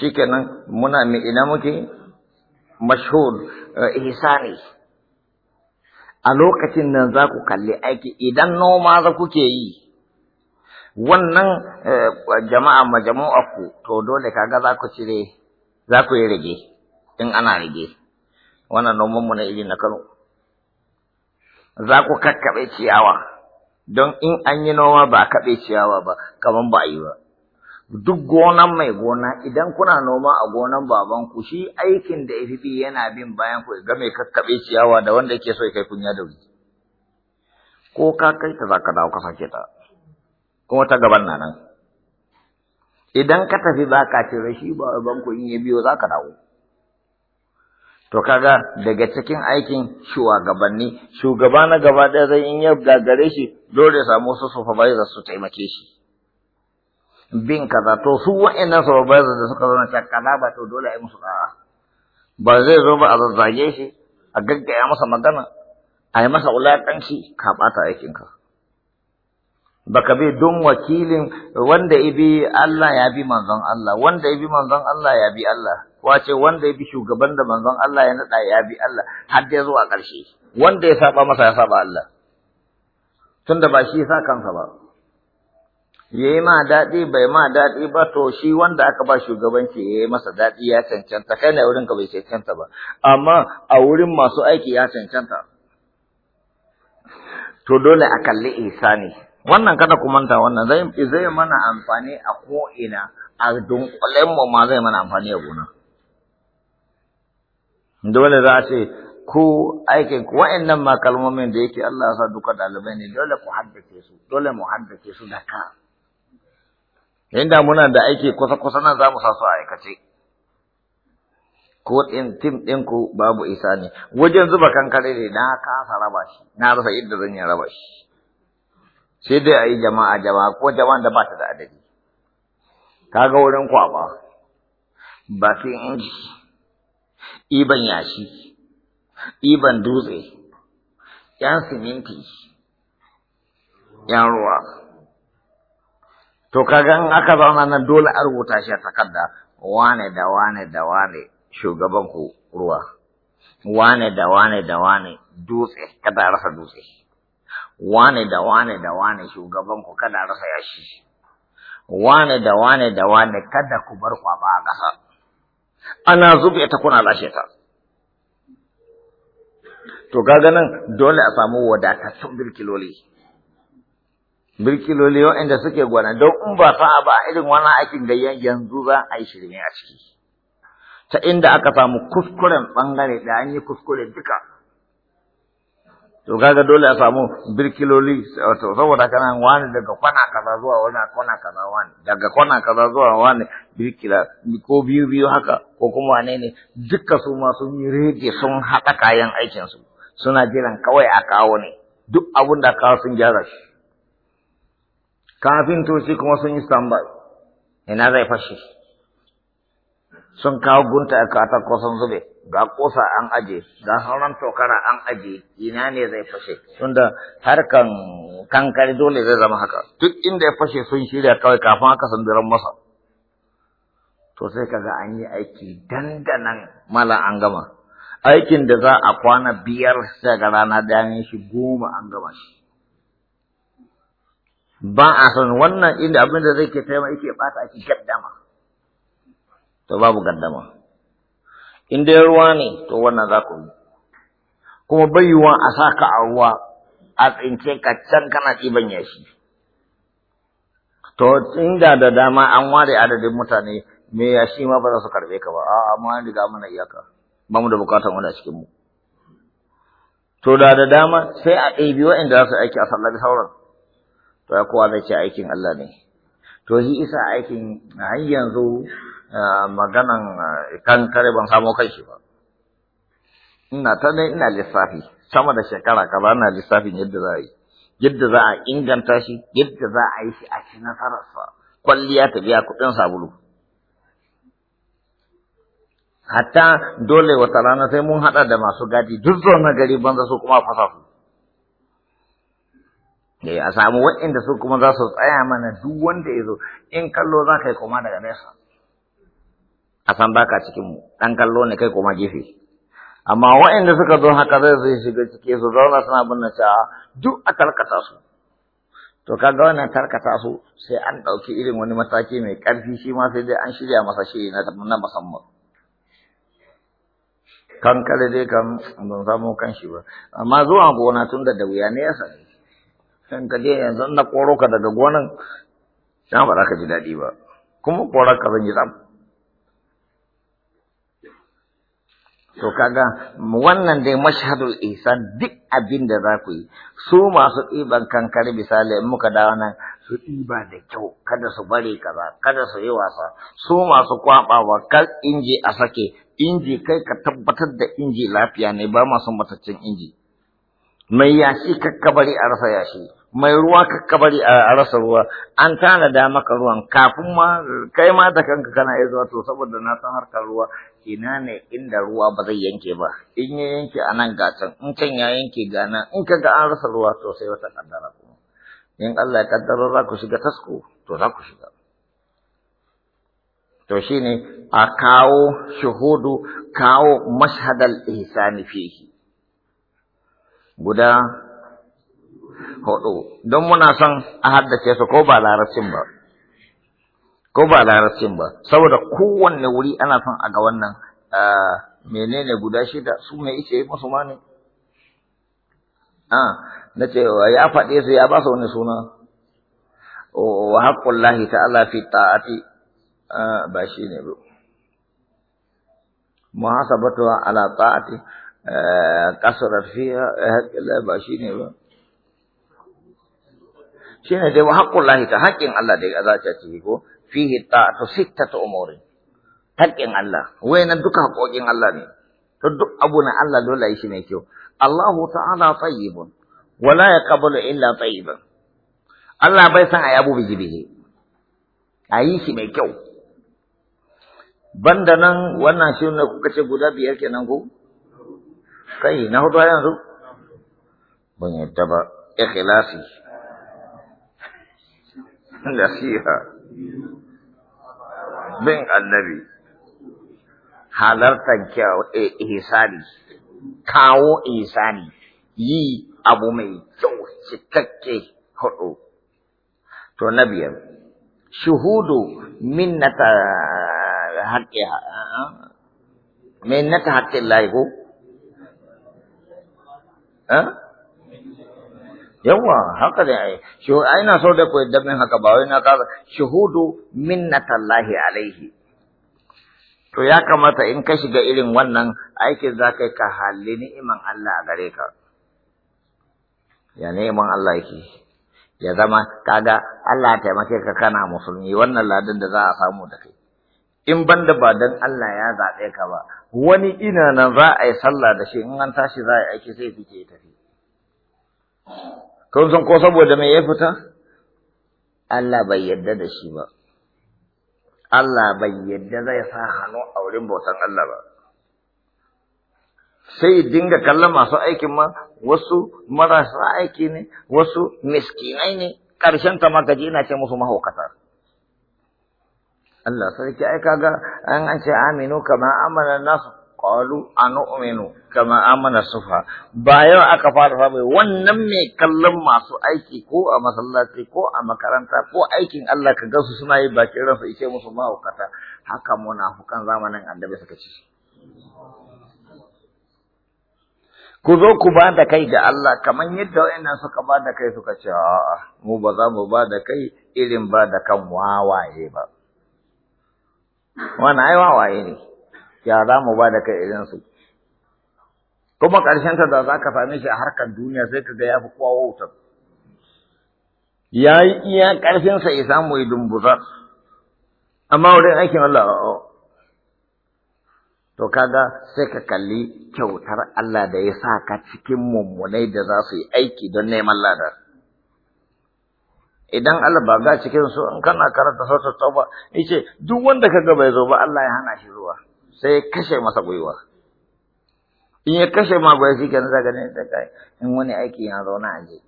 shikenan muna mai ina muke mashhur eh, ihsani a lokacin nan za ku kalli aiki idan noma za kuke yi wannan eh, jama'a majamu'arku to dole kaga za ku cire za ku yi rage in ana rage wannan nomanmu na iri na Kano za ku kakkaɓe ciyawa don in an yi noma ba a kaɓe ciyawa ba kaman ba a yi ba duk gonan mai gona idan kuna noma a gonan baban ku, shi aikin da ya fi yana bin bayan ku ga mai kakkabe ciyawa da wanda yake so ya kai kunya da wuri ko ka kai ta za ka dawo ka sake ta kuma ta gaban nan idan ka tafi ba ka cire shi ku in ya biyo za ka dawo to kaga daga cikin aikin shugabanni shugaba na gaba ɗaya zai in ya gagare shi dole ya samu wasu supervisor su taimake shi bin kaza to su wa'annan sababai da suka zo na can ba to dole ai musu da'a ba zai zo ba a zazzage shi a gaggaya masa magana a yi masa wulaƙanci ka ɓata aikinka baka bi don wakilin wanda ya bi Allah ya bi manzon Allah wanda ya bi manzon Allah ya bi Allah wace wanda ya bi shugaban da manzon Allah ya naɗa ya bi Allah har da zuwa ƙarshe wanda ya saba masa ya saba Allah tunda ba shi ya sa kansa ba ya yi ma daɗi bai ma daɗi ba to shi wanda aka ba shugabanci ya yi masa daɗi ya cancanta kai ne wurin ka bai cancanta ba amma a wurin masu aiki ya cancanta to dole a kalli isa ne. wannan kada ku manta wannan zai zai mana amfani a ko'ina a dunkulen mu ma zai mana amfani a gona dole za a ce ku aikin ku wa'annan ma kalmomin da yake Allah ya sa duka dalibai ne dole ku haddace su dole mu haddace su da ka inda muna da aiki kusa-kusa nan za mu sa su a aikace ko ɗin tim ɗinku babu isa ne wajen zuba kankare ne na kasa raba shi na rasa yadda zan yi raba shi sai dai a yi jama'a jama'a ko jama'a da ba ta da adadi Ka ga wurin kwaba ba sai inji iban yashi iban dutse yan siminti yan ruwa to kaga in aka zauna nan dole a rubuta shi a takarda wane da wane da wane shugaban ku ruwa wane da wane da wane dutse kada rasa dutse wane da wane da wane shugaban ku kada rasa yashi wane da wane da wane kada ku bar kwaba a ƙasa ana zube ta kuna lashe ta to kaga nan dole a samu wadatattun birkiloli birkiloli waɗanda suke gwana don in ba sa ba a irin wani aikin da yanzu za a yi shirme a ciki ta inda aka samu kuskuren bangare da an yi kuskuren duka to kaga dole a samu birkiloli saboda kana wani daga kwana kaza zuwa wani kwana kaza wani daga kwana kaza zuwa wani birkila ko biyu biyu haka ko kuma wane ne duka su ma yi rege sun haɗa kayan aikinsu suna jiran kawai a kawo ne duk abun da kawo sun gyara shi kafin tosi kuma sun yi standby ina zai fashe sun kawo gunta a katako sun zube ga kosa an aje ga sauran tokara an aje ina ne zai fashe tunda harkan kankare dole zai zama haka duk inda ya fashe sun shirya kawai kafin haka sun biran masa to sai kaga an yi aiki dandanan mala an gama aikin da za a kwana biyar sai ga rana da shi goma an gama shi ba a san wannan inda abin da zai ke taimaka yake bata ake gaddama to babu gaddama in dai ruwa ne to wannan za ku yi kuma bayuwa a sa ka a ruwa a tsince ka can kana ɗiban yashi to inda da dama an ware adadin mutane me yashi ma ba za su karɓe ka ba a'a ma an riga mana iyaka ba mu da bukatan wani a cikin mu to da da dama sai a ɗebi waɗanda za su aiki a sallabi sauran to kowa zai ce aikin Allah ne to shi isa aikin har yanzu maganan kare ban samo kai shi ba ina ta ne ina lissafi sama da shekara kaza ina lissafin yadda za a yi yadda za a inganta shi yadda za a yi shi a ci nasararsa kwalliya ta biya kuɗin sabulu hatta dole wata rana sai mun haɗa da masu gadi duk zuwa gari banza su kuma fasa su Eh, a samu waɗanda su kuma za su tsaya mana duk wanda ya zo in kallo za ka yi koma daga nesa a san ka cikin mu ɗan kallo ne kai koma gefe amma waɗanda suka zo haka zai zai shiga ciki su zauna suna binne ta duk a tarkata su to kaga wannan tarkata su sai an ɗauki irin wani mataki mai ƙarfi shi ma sai dai an shirya masa na musamman kan kare dai kan ban samu kan shi ba amma zuwa gona tun da da wuya ne ya sani kan ka je yanzu na koro ka daga gonan na ba za ka ji daɗi ba kuma korar ka zan yi tsam to kaga wannan dai mashhadul ihsan duk abin da za ku yi su masu ɗiban kankar misali in muka dawo nan su ɗiba da kyau kada su bari kaza kada su yi wasa su masu kwaɓawa kar inji a sake inji kai ka tabbatar da inji lafiya ne ba masu matacin inji mai yashi kakkabari a rasa yashi mai ruwa ka bari a rasa ruwa an tana da maka ruwan kafin ma kai ma da kanka kana iya zuwa to saboda na san harkar ruwa ina ne inda ruwa ba zai yanke ba in ya yanke a nan ga in can ya yanke ga nan in ka an rasa ruwa to sai wata kaddara kuma in Allah ya kaddara za ku shiga tasko to za ku shiga to shine a kawo shuhudu kawo mashhadal ihsani fihi guda hudu don muna son a haddace su ko ba larabcin ba ko ba larabcin ba saboda kowanne wuri ana son a ga wannan menene guda shida su mai ice yi musu mani na ce ya faɗe su ya ba su wani suna wa haqqullahi ta'ala fi ta'ati ba shi ne ba muhasabatu ala ta'ati qasara fiha eh, ba shi ne ba shine dai wa haqqullahi ta haƙƙin Allah da za ta ci ko fihi ta'atu sittatu umuri haƙƙin Allah wayannan duka haƙoƙin Allah ne to duk abu na Allah dole yi shi mai kyau Allahu ta'ala tayyibun wa la yaqbalu illa tayyiban Allah bai san ayi abu bijibihi ayi shi mai kyau banda nan wannan shi ne kuka ce guda biyar kenan ko kai na hudu yanzu ban yadda ba ikhlasi nasiha bin annabi halartar eh, ihsani kawo ihsani yi abu mai kyau cikakke hudu to na biyar shuhudu minnata haqqiha minnata haqqi yawa haka da ai shi ai na so da ku yadda haka ba wai na kaza shuhudu minnatallahi alaihi to ya kamata in ka shiga irin wannan aikin za ka ka halli ni'iman Allah a gare ka ya ni'iman Allah yake ya zama kaga Allah taimake ka kana musulmi wannan ladan da za a samu da kai in banda ba dan Allah ya zaɓe ka ba wani ina nan za a yi sallah da shi in an tashi za a yi aiki sai fice ya tafi kun san ko saboda me ya fita Allah bai yadda da shi ba Allah bai yadda zai sa hannu a wurin bautan Allah ba sai dinga kallon masu aikin ma wasu marasa aiki ne wasu miskinai ne karshen ta magaji ina ce musu mahaukata Allah sarki ai kaga an an ce aminu kama amana nasu qalu anu'minu kama amana sufa bayan aka fara fa wannan mai kallon masu aiki ko a masallaci ko a makaranta ko aikin Allah ka gasu suna yi bakin ransu ike musu mahaukata haka munafukan zamanin annabi suka ci ku zo ku ba da kai ga Allah kamar yadda wa'annan suka ba da kai suka ce a'a mu ba za mu ba da kai irin ba da kan wawaye ba wannan ai wawaye ne ya za mu ba da kai su. kuma ƙarshenta da za ka same shi a harkar duniya sai ka ga ya fi kowa wautar ya yi iya ƙarfinsa ya samu yi dumbuza amma wurin aikin Allah oh, oh. to kaga sai ka kalli kyautar Allah da ya sa ka cikin mummunai da za su yi aiki don neman ladar idan Allah ba ga cikin su in kana karanta sautar tauba yace duk wanda kaga bai zo ba Allah ya hana shi zuwa sai kashe masa gwiwa in ya kashe ma gwiwa shi kenan zaka ne ta in wani aiki ya zo na aje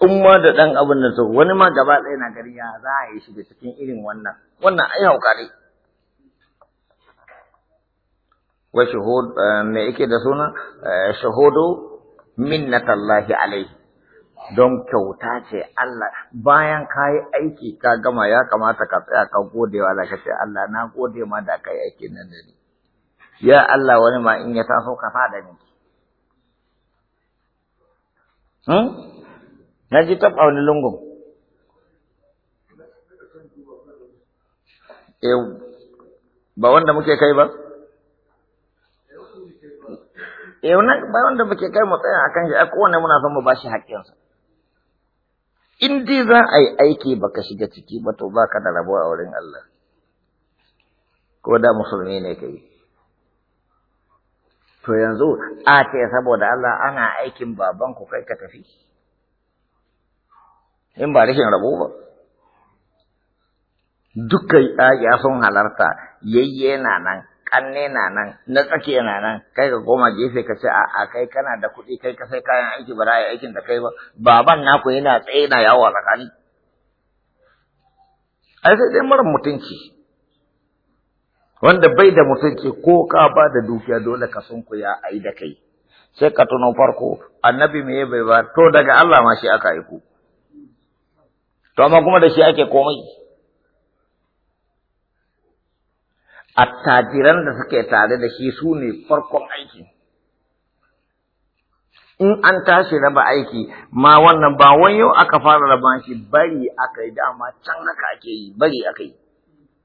in da dan abin da so wani ma gaba ɗaya na gari ya za a yi shi da cikin irin wannan wannan ai hauka ne wa shuhud eh, me yake da suna eh, shuhudu minnatallahi alaihi don kyauta ce Allah bayan ka yi aiki ka gama ya kamata ka tsaya ka gode wa Allah ka ce Allah na gode ma da ka yi aiki nan da ni ya Allah wani ma in ya taso ka fada ni hmm? na ji taɓa wani lungun eh ba wanda muke kai ba eh ba wanda muke kai mu tsaya akan shi akwai wanda muna son mu bashi haƙƙinsa Indi dai za a yi aiki baka shiga ciki ba to baka da rabo a wurin Allah ko da musulmi ne kai to yanzu a ce saboda Allah ana aikin baban ku kai ka tafi in ba rashin rabo ba duka ya sun halarta yayye na nan kanne na nan na tsakiya na nan kai ka koma gefe ka ce a kai kana da kuɗi kai ka sai kayan aiki ba ra'ayi aikin da kai ba baban naku yana tsaye na yawo a tsakani ai sai dai mara mutunci wanda bai da mutunci ko ka ba da dukiya dole ka ya ai da kai sai ka tuno farko annabi me bai ba to daga Allah ma shi aka aiko to amma kuma da shi ake komai attajiran da suke tare da shi su ne farkon aiki in an tashi raba aiki ma wannan ba wani yau aka fara raba shi bari aka yi dama can haka ake yi bari aka yi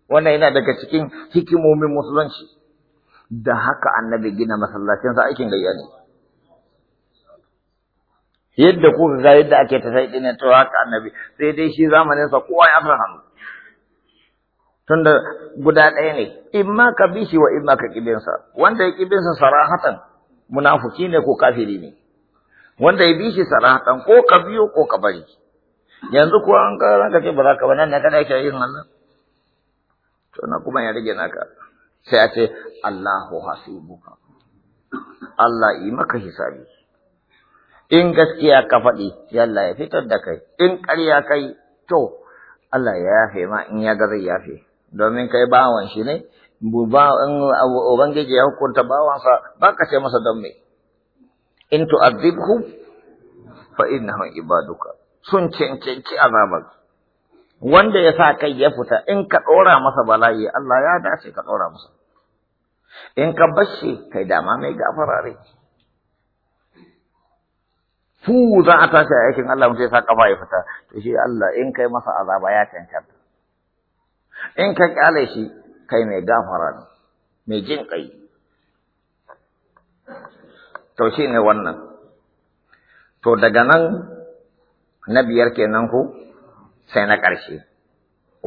wannan yana daga cikin hikimomin musulunci da haka annabi gina sa aikin gayya ne yadda kuka ga yadda ake ta sai to haka annabi sai dai shi zamanin sa kowa ya fara hannu tunda guda ɗaya ne In ma ka bi shi wa in ma ka kibinsa wanda ya kibinsa sarahatan munafuki ne ko kafiri ne wanda ya bi shi sarahatan ko ka biyo ko ka bari yanzu kuwa an ka ranka ce ba za ka wannan ne shi yake yin wannan to na kuma ya rage naka sai a ce Allahu hasibuka Allah yi maka hisabi in gaskiya ka faɗi yalla ya fitar da kai in ƙarya kai to Allah ya yafe ma in ya ga zai yafe domin kai bawan shi ne ubangiji ya hukunta bawansa ba ka ce masa don me in tu'adhibhum fa innahum ibaduka sun cancanci azabar wanda ya sa kai ya fita in ka ɗora masa bala'i Allah ya dace ka dora masa in ka bashi kai dama mai gafara rai fu za a tashi a aikin Allah mutum ya sa kafa ya fita to shi Allah in kai masa azaba ya cancanta in ka kyale shi kai mai gafara ne mai jin kai to shi ne wannan to daga nan na biyar kenan ku sai na ƙarshe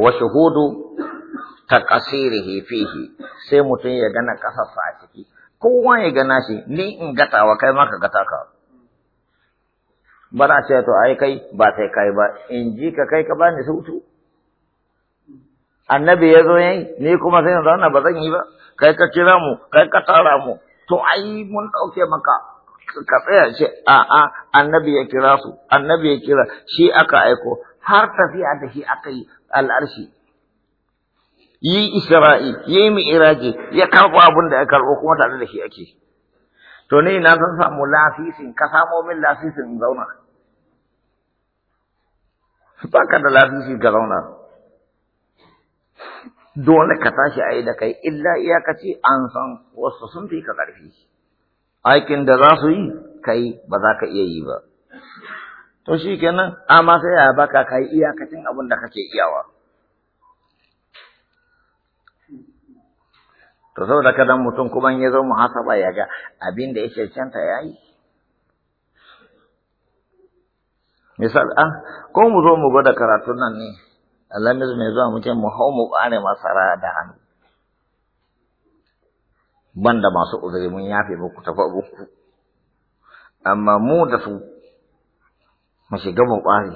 wa shuhudu ta kasirihi fihi sai mutum ya gana ƙasarsa a ciki kowa ya gana shi ni in gatawa kai maka ka gata ka ba na ce to ai kai ba sai kai ba in ji ka kai ka bani sautu. annabi ya zo yayi ni kuma sai zan zauna ba zan yi ba kai ka kira mu kai ka tara mu to ai mun dauke maka ka tsaya ce a a annabi ya kira su annabi ya kira shi aka aiko har tafiya da shi aka yi al'arshi yi isra'i yi iraji ya karbo abin da ya karbo kuma tare da shi ake to ni na san samu lafisin ka samo min lafisin zauna ba ka da lafisin ka zauna dole ka tashi a yi da kai illa iyakaci an san wasu sun fi ka ƙarfi aikin da za su yi kai ba za ka iya yi ba to shi kenan amma sai ya baka kai iyakacin abin da kake iyawa to saboda kada mutum kuma ya zo muhasaba ya ga abin da ya cancanta ya yi misal a ah, ko mu zo mu gwada karatun nan ne Alhamis mai zuwa mu ce mu hau mu ɓare masara da hannu. Banda masu uzuri mun yafe muku tafi abinku. Amma mu da su mu shiga mu ɓare.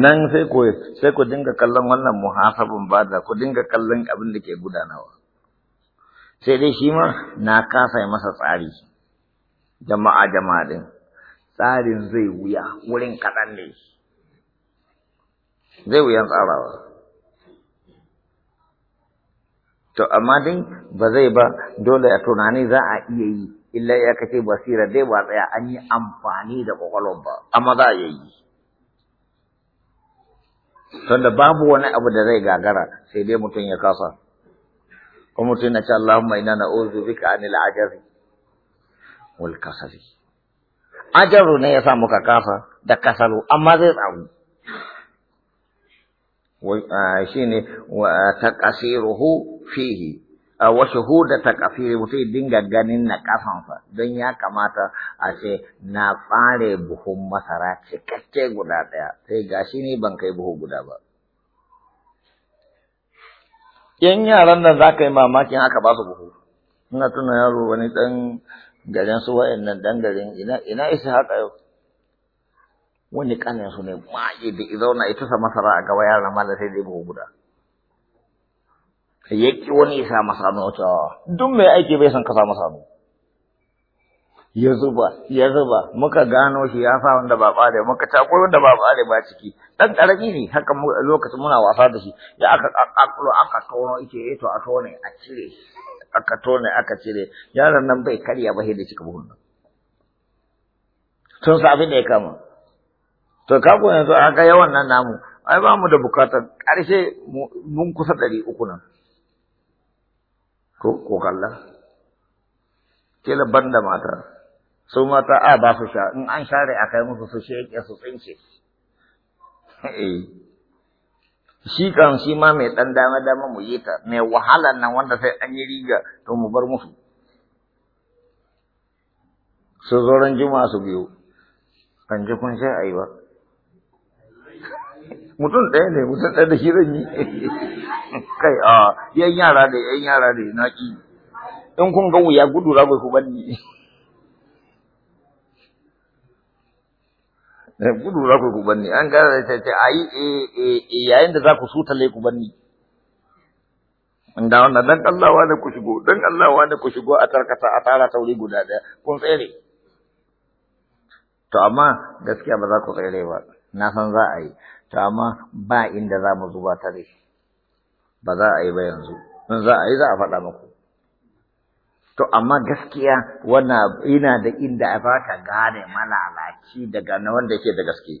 Nan sai ku sai ku dinga kallon wannan ba bada ku dinga kallon abin da ke gudanawa. Sai dai shi ma na kasa masa tsari. Jama'a jama'a din. tsarin zai wuya wurin kaɗan ne zai wuyan tsarawa to amma dai ba zai ba dole a tunani za a iya yi illa ya kace basira dai ba tsaya an yi amfani da kwakwalwar ba amma za a iya yi Sanda babu wani abu da zai gagara sai dai mutum ya kasa kuma mutum na ce Allahumma inna na'udhu bika anil ajazi wal kasali ajaru ne ya sa muka kasa da kasalu amma zai tsawu shi ne ta kasiruhu fihi wa shuhuda ta kafiri sai dinga ganin na kasansa don ya kamata a ce na fare buhun masara cikakke guda ɗaya sai ga shi ne ban kai buhu guda ba yan yaran nan za ka yi mamakin aka ba su buhu ina tuna yaro wani ɗan garin su wa'annan dan garin ina ina isa haka yau wani kanin su ne maye da zauna ita sa masara a gaba yaran da sai dai bugu guda ya ki wani isa masa nota duk mai aiki bai san kasa masa nota ya zuba ya zuba muka gano shi ya sa wanda ba bare muka ta akwai wanda ba bare ba ciki dan karami ne haka lokacin muna wasa da shi da aka kakkulo aka tono yake eh to a tone a cire shi aka tone aka cire yaron nan bai karya ba da cika buhun nan tun sa abin da ya kama to ka ku yanzu ga yawan nan namu ai ba mu da bukatar ƙarshe mun kusa ɗari uku nan ko ko kalla kila banda mata su mata a ba su sha in an share a kai musu su sheke su tsince eh shi kan shi ma mai ɗan dama dama mu yi ta mai wahala nan wanda sai an yi riga to mu bar musu su ran juma'a su biyu kan ji kun sai ayi ba mutum ɗaya ne mutum ɗaya da shi zan yi kai a yan yara da yan yara da na ki in kun ga wuya gudu za ku bani Eh, gudu za ku banni an gara da a ai eh, eh, yayin da za ku sutale ku banni inda wannan dan Allah wa da ku shigo dan Allah wa da ku shigo a tarkata a tara tauri guda daya kun tsere to amma gaskiya ba za ku tsere ba na san za a yi to amma ba inda za mu zuba tare ba za a yi ba yanzu in za a yi za a faɗa muku To amma gaskiya wana ina da inda a ka gane malalaci daga na wanda yake da gaske.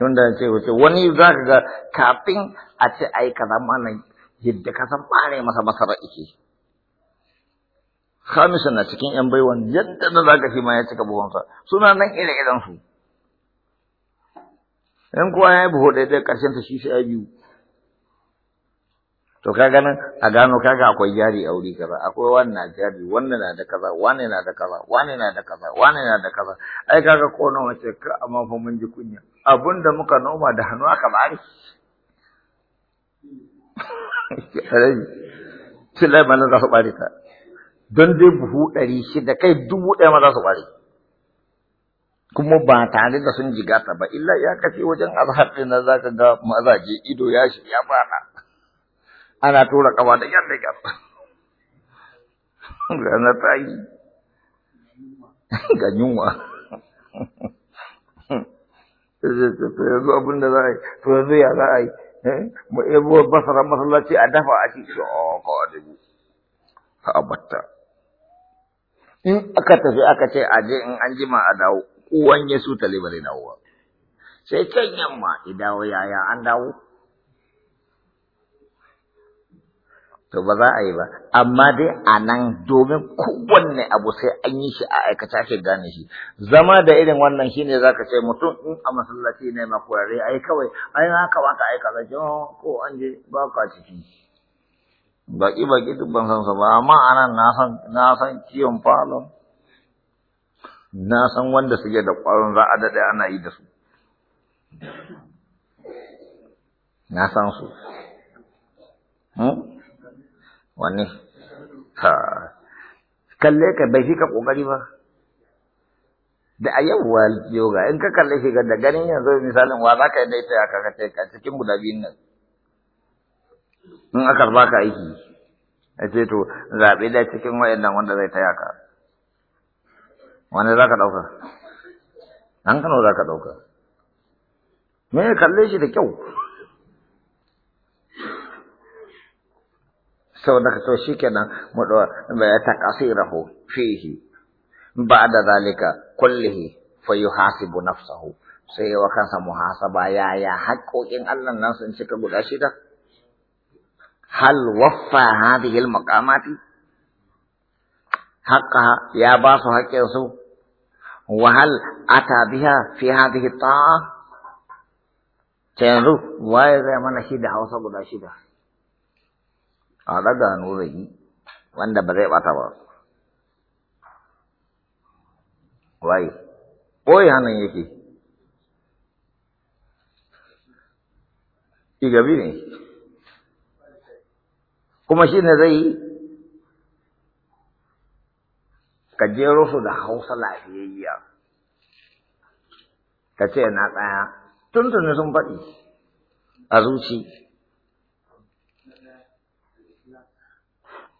Wanda ce wace wani za ka ga kafin a ce a ka kaza mana yadda ka san ɓare masa masara ike. Hamisu na cikin ‘yan baiwan yadda na za ka fi ma ya cika buhunsa suna nan ire-irensu. ‘Yan kowa ya yi buhu ɗaya ƙarshen ta shi sai a biyu. to ka ganin a gano kaga akwai jari a wuri kaza akwai wani na jari wani na da kaza wani na da kaza wani na da kaza wani na da kaza ai kaga ko nawa ce ka amma fa mun ji kunya abin da muka noma da hannu aka bari Tilai ma za su bari ta don dai buhu ɗari shida kai dubu ɗaya ma za su bari kuma ba tare da sun jigata ba illa ya kafe wajen azhar ɗin nan za ka ga mazaje ido ya shi ya fara ana tura kawa da yadda ya ranar ta yi ga yunwa to yanzu abin da za a yi to yanzu ya za a yi eh, mu ebo basara masallaci a dafa a ci shi o ko a dubu ka abatta in aka tafi aka ce a je in an jima a dawo uwan ya su talibar dawo sai can yamma idawo yaya an dawo to ba za a yi ba amma dai a nan domin kowanne abu sai an yi shi a aikace ake gane shi zama da irin wannan shi shine zaka ce mutum in a masallaci ne ma kurare ai kawai ai haka ba ka aika zan oh, ko an je ba ka ciki baki baki duk ban san ba amma anan na san na san kiyon falon na san wanda suke da ƙwarin za a daɗe ana yi da su na san su hmm? wanne ha kalle ka bai shi ka kokari ba da a yau wa yoga in ka kalle shi ga ganin yanzu misalin wa za ka yi daita ya kaka ce ka cikin guda biyun nan in aka ba ka aiki a ce to zaɓe da cikin wayannan wanda zai taya ka wani za ka ɗauka an kano za ka ɗauka me kalle shi da kyau saboda ka to shi kenan ta kasirahu fihi ba'da zalika kullihi fa yuhasibu nafsahu sai wa kansa muhasaba ya ya haƙoƙin Allah nan sun cika guda shida hal waffa hadhihi al maqamati haqqaha ya ba su haƙƙin su wa hal ata biha fi hadhihi ta'a yanzu waye zai mana shi da Hausa guda shida a ɗaga hannu zai wanda ba zai bata ba waye ɓoye hannun yake igabi ne kuma shi ne zai yi su da hausa lafiyayya ka ce na tsaya tuntuni sun faɗi a zuci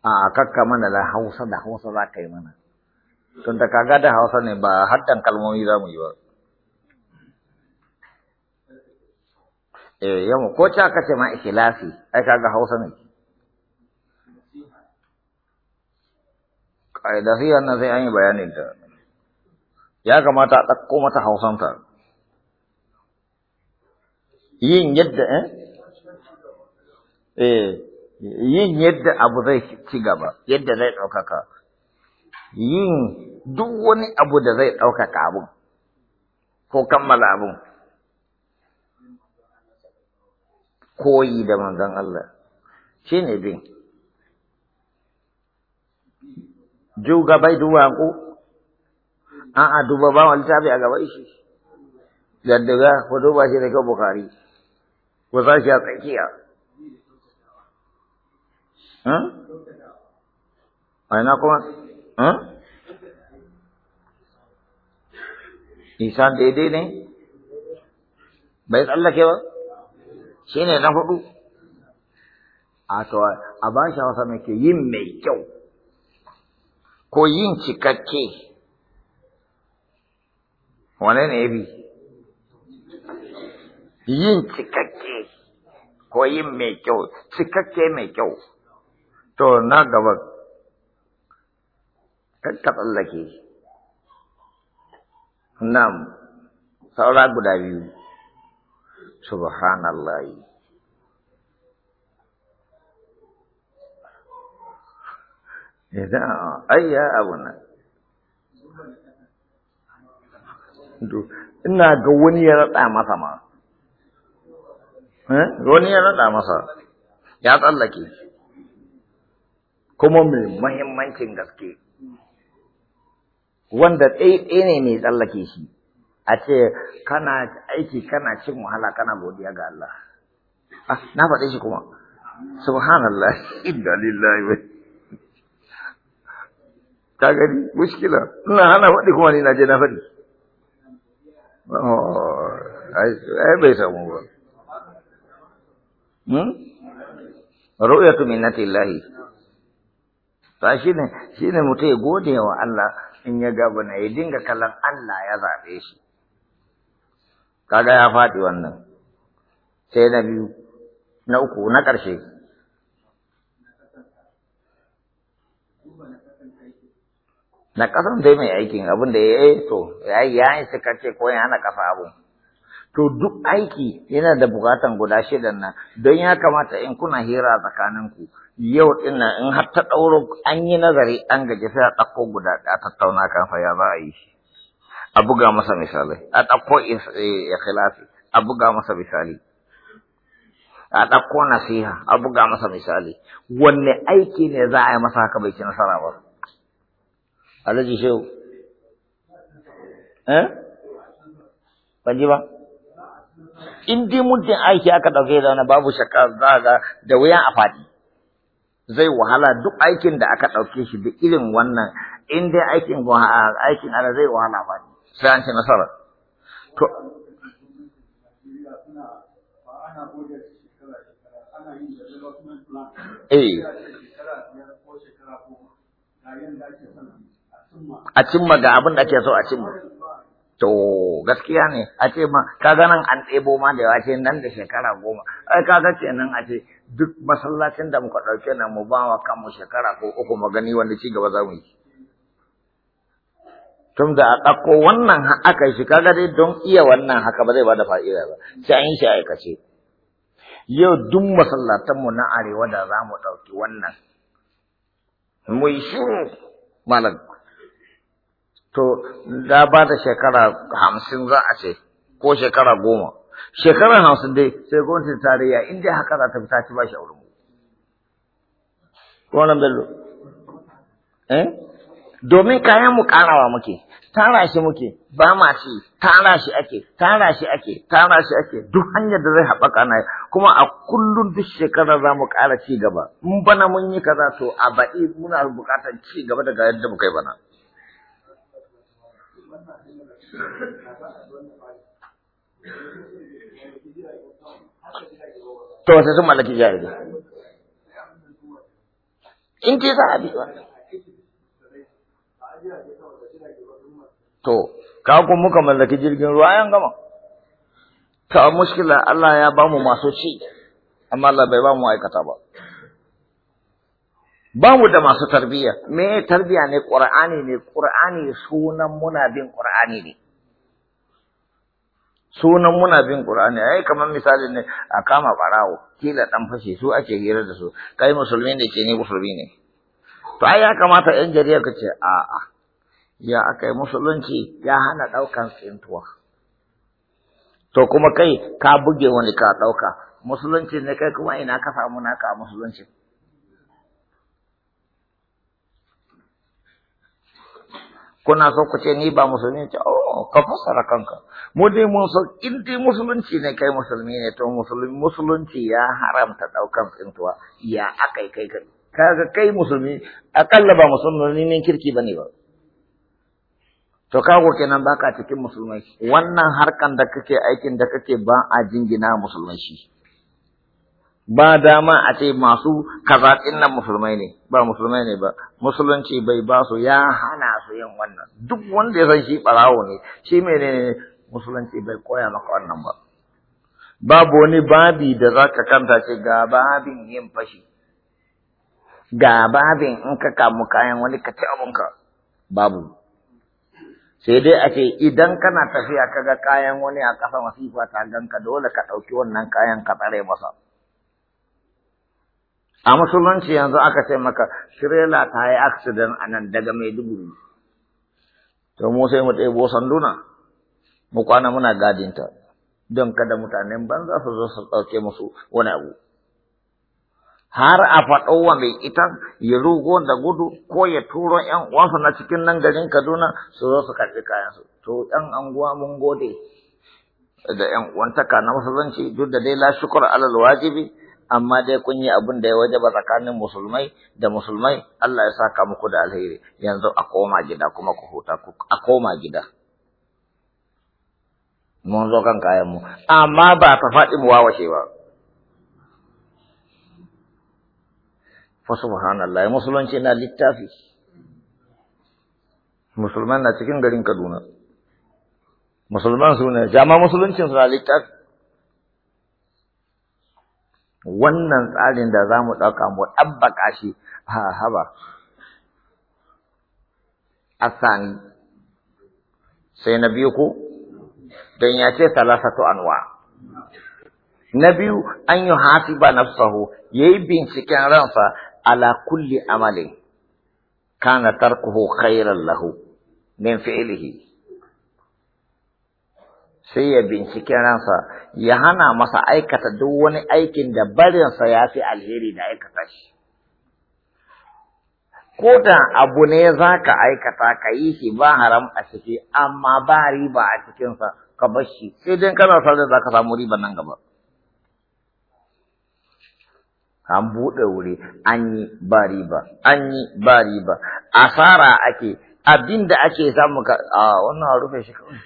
a kakka mana la hausa da hausa za ka yi mana tun da kaga da hausa ne ba haddan kalmomi za mu yi ba eh yamma ko ta ce ma ikhlasi ai kaga hausa ne da sai na sai an yi bayanin ta ya kamata a ɗauko mata hausanta yin yadda eh, eh. yin yadda abu zai ci gaba yadda zai ɗaukaka yin duk wani abu da zai ɗaukaka abu ko kammala abu, koyi da manzan Allah shi ne bin juga bai duba an a'a duba ba wani tafi a gaba shi yadda ga ku duba shi da kyau bukari ku sa shi a tsakiya A ina kuma? Isan daidai ne? Bai tsallake ba? Shi ne na hudu? A to, a ba shi hausa mai ke yin mai kyau, ko yin cikakke. Wane ne bi? Yin cikakke, ko yin mai kyau, cikakke mai kyau. to na gaba kakka tsallake nam saura guda biyu subhanallahi idan ayya abu nan ina ga wani ya raɗa masa ma eh, wani ya raɗa masa ya tsallake kuma mai muhimmancin gaske wanda ɗaya ne mai tsallake shi a ce kana aiki kana cin wahala kana godiya ga Allah ah, na faɗe shi kuma subhanallah inda lillahi wa ta gani mushkila ina hana faɗi kuma ni na je na faɗi oh, ai bai samu ba hmm? ru'yatu minnatillahi ta shi ne shi ne mutum ya gode wa Allah in ya gaba na ya dinga kallon Allah ya zaɓe shi kaga ya faɗi wannan sai na biyu na uku na ƙarshe na ƙasan dai mai aikin abin da ya yi to ya yi kace ko ya hana ƙasa abin To duk aiki yana da bukatan guda shidan nan, don ya kamata in kuna hira tsakaninku, yau ina in har ta ɗauro an yi nazari an gaji sai a ɗauko guda a tattauna kan ya za a yi A buga masa misali, a ɗauko ya eh, khilafi, a buga masa misali. A ɗauko nasiha, a buga masa misali. Wanne aiki ne za a yi masa haka bai ci nasara ba? Alhaji Shehu. Eh? Ban ji ba? in dai muddin aiki aka ɗauke da wani babu shakka za ga da wuya a faɗi zai wahala duk aikin da aka ɗauke shi da irin wannan in dai aikin aikin ana zai wahala faɗi sai an ce nasara to eh a cimma ga abin da ake so a cimma To gaskiya ne a ce ma kaga nan an ɗebo ma da yawa ce nan da shekara goma ai kaga ce nan a ce duk masallacin da muka ɗauke nan mu bawa kanmu shekara ko uku mu gani wanda ci gaba za mu yi. Tun da a ɗauko wannan aka shi kaga dai don iya wannan haka ba zai bada fa'ida ba sai an yi shi aikace. Yau duk masallatanmu na arewa da za mu ɗauki wannan mu yi shiru malam to da ba da shekara hamsin za a ce ko shekara goma shekara hamsin dai sai gwamnatin tarayya inda ya haka za ta fita ci ba shi a wurin. nan bello eh? domin kayan mu karawa muke tara shi muke ba ma shi tara shi ake tara shi ake tara shi ake duk hanyar da zai haɓaka na kuma a kullum duk shekara za mu ƙara ci gaba in bana mun yi kaza to a baɗi muna buƙatar ci gaba daga yadda mu kai bana to sai sun mallaki jirage in ce za a bi ba to ka ku muka mallaki jirgin ruwa yan gama ta muskila Allah ya bamu masu ci amma Allah bai bamu aikata ba Bamu da masu tarbiyya me tarbiyya ne qur'ani ne qur'ani sunan muna bin qur'ani ne sunan muna bin qur'ani ai kamar misali ne a kama barawo kila ɗan fashe su ake hira da su kai musulmi ne ke ne musulmi ne to ai ya kamata yan jariya ka ce a a ya akai musulunci ya hana daukan tsintuwa to kuma kai ka buge wani ka ɗauka, musulunci ne kai kuma ina ka samu naka musulunci kuna so ku ce ni ba musulmi ce oh ka fassara kanka mu dai mun so in dai musulunci ne kai musulmi ne to musulmi musulunci ya haramta daukan tsintuwa ya akai kai kai kaga kai musulmi akalla ba musulmi ne kirki bane ba to kago kenan baka cikin musulmai wannan harkan da kake aikin da kake ba a jingina musulmai shi ba dama a ce masu kaza nan musulmai ne ba musulmai ne ba musulunci bai ba su ya hana su yin wannan duk wanda ya san shi barawo ne shi menene musulunci bai koya maka wannan ba babu wani babi da za ka kanta ce ga babin yin fashi ga babin in ka kamu kayan wani ka ci abinka babu sai dai a ce idan kana tafiya kaga kayan wani a ƙasa masifa ta ganka dole ka ɗauki wannan kayan ka tsare masa a musulunci yanzu aka ce maka shirela ta yi accident a nan daga maiduguri to mu sai mu ɗebo sanduna mu kwana muna gadinta don kada mutanen banza su zo su ɗauke musu wani abu har a faɗowa mai ita ya rugo da gudu ko ya turo 'yan uwansu na cikin nan garin Kaduna su zo su karɓi kayansu to ƴan anguwa mun gode da ƴan uwantaka na masalanci duk da dai la shukur alal wajibi amma dai kun yi abin da ya waje ba tsakanin musulmai da musulmai Allah ya saka muku da alheri yanzu a koma gida kuma ku huta ku a koma gida mun zo kan kayan mu amma ba ta faɗi mu wawashe ba fa subhanallahi musulunci na littafi musulman na cikin garin Kaduna musulman su ne jama musuluncin su na littafi wannan tsarin da za mu ɗauka mu ɗabbaka shi ha haba asani sai na biyu ko don ya ce salasatu anwa na biyu an yi hasiba ya yayi binciken ransa ala kulli amalin kana tarkuhu khairan lahu min ilihi. sai ya bincike ransa ya hana masa aikata duk wani aikin da barinsa ya fi alheri da aikata shi. Ko abu ne za ka aikata ka yi shi ba haram a ciki amma ba riba a cikinsa ka bar shi sai dai kana sa da za ka samu riba nan gaba. An buɗe wuri an yi ba riba, an yi ba riba, asara ake abin da ake samu ka a wannan rufe shi kawai.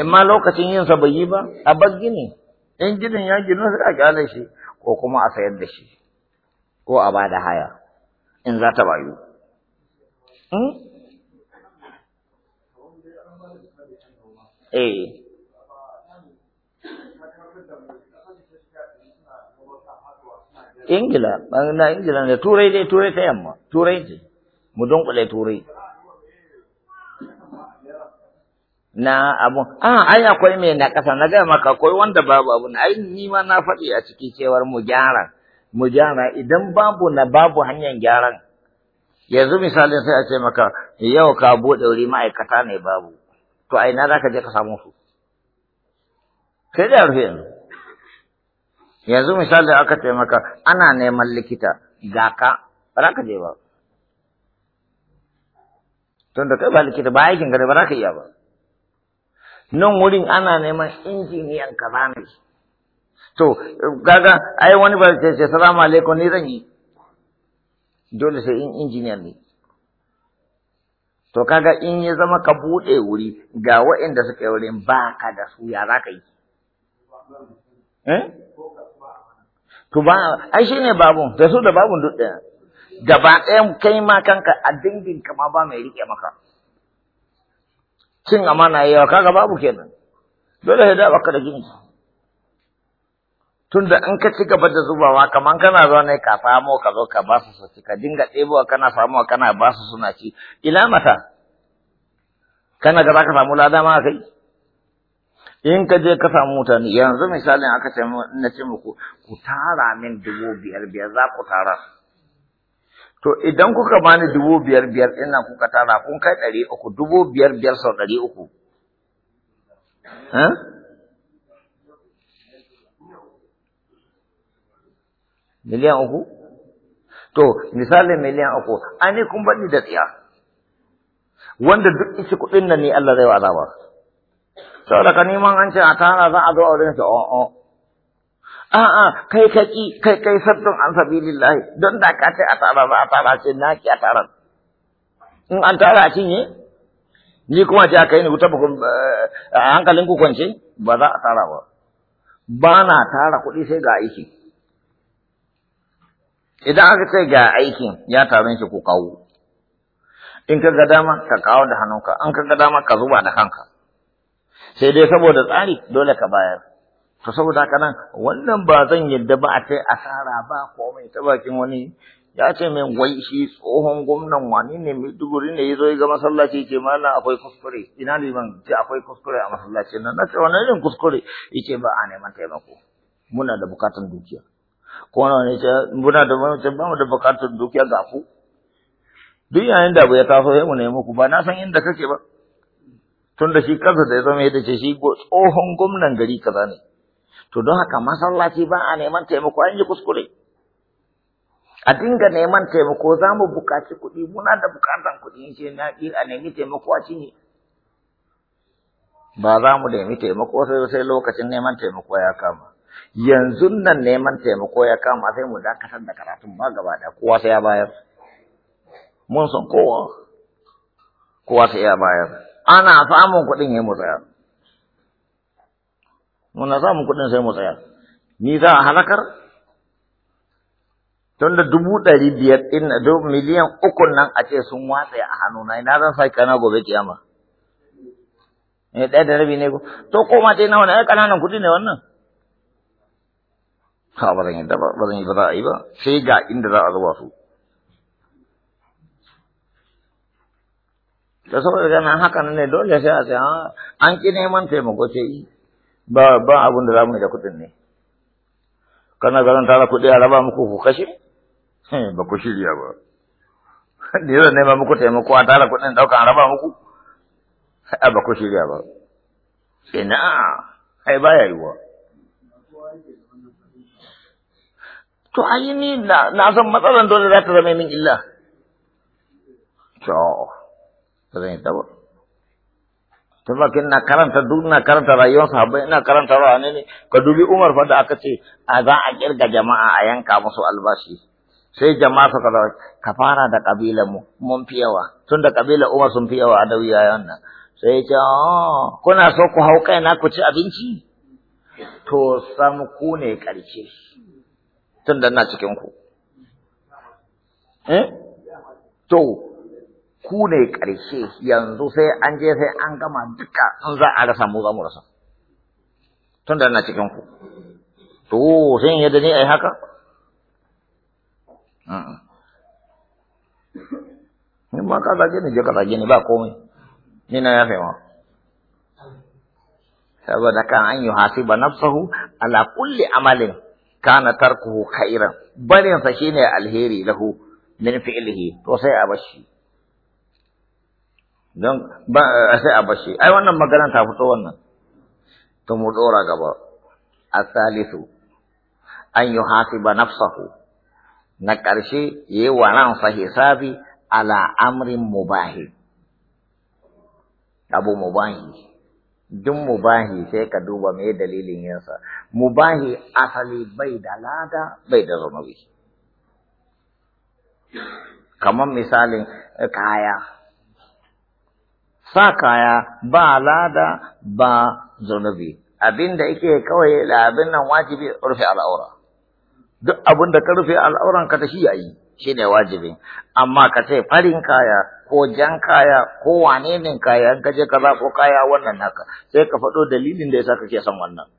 ma lokacin yin sa bai yi ba a bar gini in ginin ya gina sai a kyale shi ko kuma a sayar da shi ko a bada haya in za ta bayu hmm? eh Ingila, na Ingila ne, Turai dai, Turai ta yamma, Turai ce, mu dunkule Turai. na abun a ah, ai akwai mai na ƙasa na gaya maka akwai wanda babu na. ai ni ma na faɗi a ciki cewar mu gyara mu gyara idan babu na babu hanyar gyaran yanzu misali sai a ce maka yau ka buɗe wuri ma'aikata ne babu to a ina za je ka samu su sai da rufe yanzu yanzu aka ce maka ana neman likita ga ka ba za ka je ba tunda kai ba likita ba aikin gari ba za ka iya ba nan wurin ana neman injiniyan kaza to gaga ai wani ba ce ce salamu alaikum ni zan yi dole sai in injiniyan ne to kaga in ya zama ka buɗe wuri ga waɗanda suka yi wurin ba ka da su ya za ka yi eh? to ba ai shine babun da su da babun duk Da gaba ɗaya kai ma kanka a dangin kama ba mai rike maka cin amana yawa kaga babu kenan dole ya dawo ka da gini. tunda in ka ci gaba da zubawa kaman kana zo ne ka samo ka zo ka ba su su ci ka dinga tsebo kana samu kana ba su suna ci ila mata kana ga zaka ka samu lada ma kai in ka je ka samu mutane yanzu misalin aka ce na ce muku ku tara min dubu biyar biyar za ku tara To idan kuka bani dubu biyar biyar ɗin nan kuka tara kun kai ɗari uku dubu biyar biyar sau ɗari uku. Miliyan uku? To misalin miliyan uku an yi kun baɗi da tsiya. Wanda duk isi kuɗin nan ne Allah zai wa azaba. Saboda ka neman an ce a tara za a zo a wurin shi o'o oh, oh. a'a kai ka ki kai kai sabbin an sabilillahi don da ka ta a tara ba a tara ce na ki a ran in an tara a cinye ni kuma ce aka yi wuta ba eh, hankalin ku kwance ba za a tara ba ba na tara kuɗi sai ga aiki idan aka ce ga aikin ya taron shi ku kawo in ka ga dama ka kawo da hannunka in ka ga dama ka zuba da kanka sai dai saboda tsari dole ka bayar to saboda haka nan wannan ba zan yadda ba a kai asara ba komai ta bakin wani ya ce min wai shi tsohon gwamnan wani ne Maiduguri ne ya zo ya ga masallaci ce mana akwai kuskure ina ban ce akwai kuskure a masallacin nan na ce wani irin kuskure ce ba a neman taimako muna da bukatan dukiya ko wani ce muna da ce ba mu da bukatan dukiya ga ku duk yayin da abu ya taso ya mu nemi ku ba na san inda kake ba tun da shi kansa da ya zama yadda ce shi tsohon gwamnan gari kaza ne to don haka masallaci ba a neman taimako an yi kuskure a dinga neman taimako za mu buƙaci kuɗi muna da buƙatan kuɗi ce na a nemi taimako a cinye ba za mu nemi taimako sai sai lokacin neman taimako ya kama yanzu nan neman taimako ya kama sai mu dakatar da karatun ba gaba da kowa sai ya bayar mun san kowa kowa sai ya bayar ana samun kuɗin ya mu tsaya muna samun kuɗin sai mu tsaya ni za a halakar don da dubu ɗari biyar ɗin miliyan uku nan a ce sun watsa a na ina zan sa kana gobe kiyama ne eh, ɗaya da rabi ne ko to ma ce na wani ai ƙananan kuɗi ne wannan ha ba zan yi ba ba zan yi ba za a yi ba sai ga inda za a zuba su da saboda ganin hakan ne dole sai a ce ah, an ki neman taimako ce yi ba ba abin da zamu yi da kuɗin ne kana ganin tara kuɗi a raba muku ku kashe eh, ba ku shirya ba da yau nema muku taimako a tara kuɗin ɗauka a raba muku a ba ku shirya ba ina ai ba baya yiwuwa to ai ni na na san matsalan dole za ta zama min illa to ba zan yi ta ba tabbaki ina karanta duk ina karanta rayuwar sahabbai ina karanta rawa ne ka dubi Umar fa da aka ce a za a kirga jama'a a yanka musu albashi sai jama'a suka da ka fara da kabilar mu mun fi yawa tun da Umar sun fi yawa a dawiya wannan oh, sai ce kuna so ku hau kaina ku ci abinci to sam ku ne karshe tun da na cikin ku eh to ku ne ƙarshe yanzu sai an je sai an gama duka in za a rasa mu za mu rasa tun da na cikin ku to sai yadda ne ai haka ni ma ka zage ni je ka zage ni ba komai ni na yafe ma saboda kan an yi ba nafsahu ala kulli amalin kana tarkuhu khairan barin sa shine alheri lahu min fi'lihi to sai a bashi don ba eh, sai a bashi ai wannan magana ta fito wannan to mu dora gaba asalisu an yuhasiba nafsahu na ƙarshe yayi wa ransa hisabi ala amrin mubahi abu mubahi duk mubahi sai ka duba mai dalilin yansa mubahi asali bai da lada bai da zunubi kamar misalin kaya sa kaya ba lada ba zunubi abin da yake kawai labin nan wajibi rufe al'aura duk abin da ka rufe al'auran ka da shi yayi shine wajibi amma ka ce farin kaya ko jan kaya ko wane ne kaya in ka je ka ko kaya wannan naka sai ka faɗo dalilin da yasa kake son wannan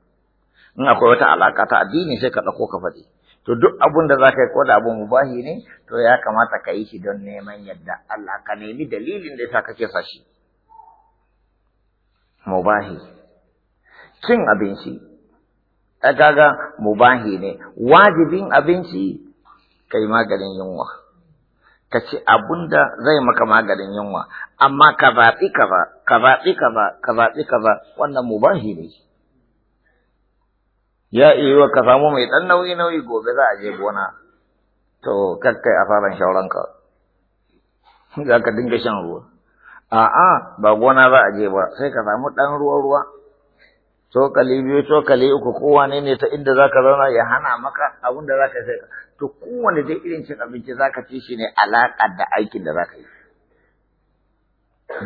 in akwai wata alaka ta addini sai ka ɗauko ka faɗi to duk abun da za yi ko da abun mubahi ne to ya kamata ka yi shi don neman yadda Allah ka nemi dalilin da yasa kake sa shi mubahi cin abinci kaga mubahi ne wajibin abinci kai maganin yunwa ka ci abun da zai maka maganin yunwa amma ka zaɓi ka ba ka zaɓi ka ka zaɓi ka wannan mubahi ne ya iya ka samu mai ɗan nauyi nauyi gobe za a je gona to kakkai a faran shauranka za ka dinga shan ruwa a'a ba gona za a je ba sai ka samu ɗan ruwa ruwa cokali biyu cokali uku Kowa ne ne ta inda zaka zauna ya hana maka abin da zaka sai to kowane dai irin cin abinci zaka ci shi ne alaƙa da aikin da zaka yi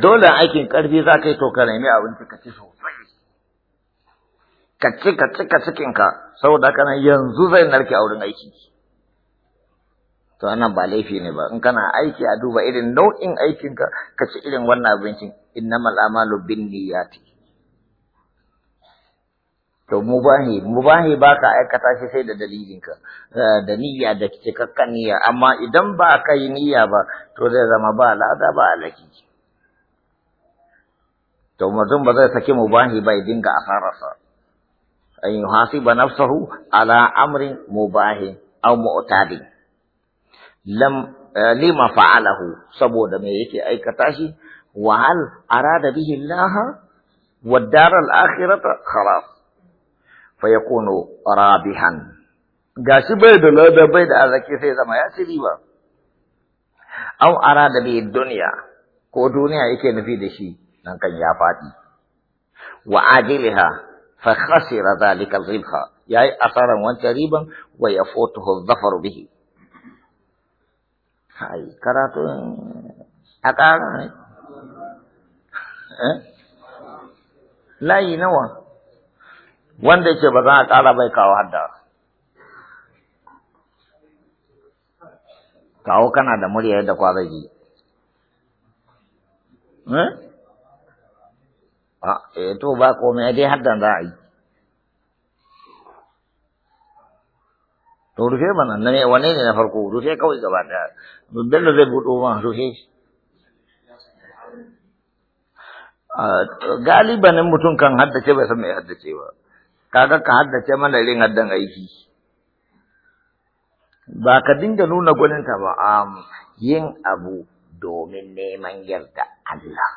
dole aikin ƙarfi zaka yi to ka nemi abinci ka ci sosai ka ci ka ci ka cikin ka saboda kana yanzu zai narke a wurin aiki to ana ba laifi ne ba in kana aiki a duba irin nau'in aikinka ka ci irin wannan abincin innamal amalu bin niyyati to mubahi mubahi ba ka aikata shi sai da dalilinka eh, da niyya da cikakken niyya amma idan ba ka yi niyya ba to zai zama ba lada ba alaki to mutum ba zai saki mubahi ba ya dinga asararsa an ba nafsahu ala amrin mubahi aw mu'tadin lam lima fa'alahu saboda me yake aikata shi wa hal arada bihi Allah wa daral akhirata khalas fa yakunu rabihan gashi bai da lada bai da arziki sai zama ya ci riba aw arada bihi dunya ko duniya yake nufi da shi nan kan ya faɗi wa ajiliha fa khasira dhalika ribha yayi asaran wancan riban wa yafutuhu dhafaru bihi hai karatu a ƙara ne layi nawa wanda ce ba za a ƙara bai kawo hadda kawo kana da murya yadda kwa zai ji eh to ba komai dai haddan za a yi to rufe mana nan ne wane ne na farko rufe kawai ah, gaba dan bello zai buɗo ma rufe ne mutum kan haddace bai san mai haddace ba kaga ka haddace mana irin haddan aiki ba ka dinga nuna gwaninta ba yin abu domin neman yarda Allah.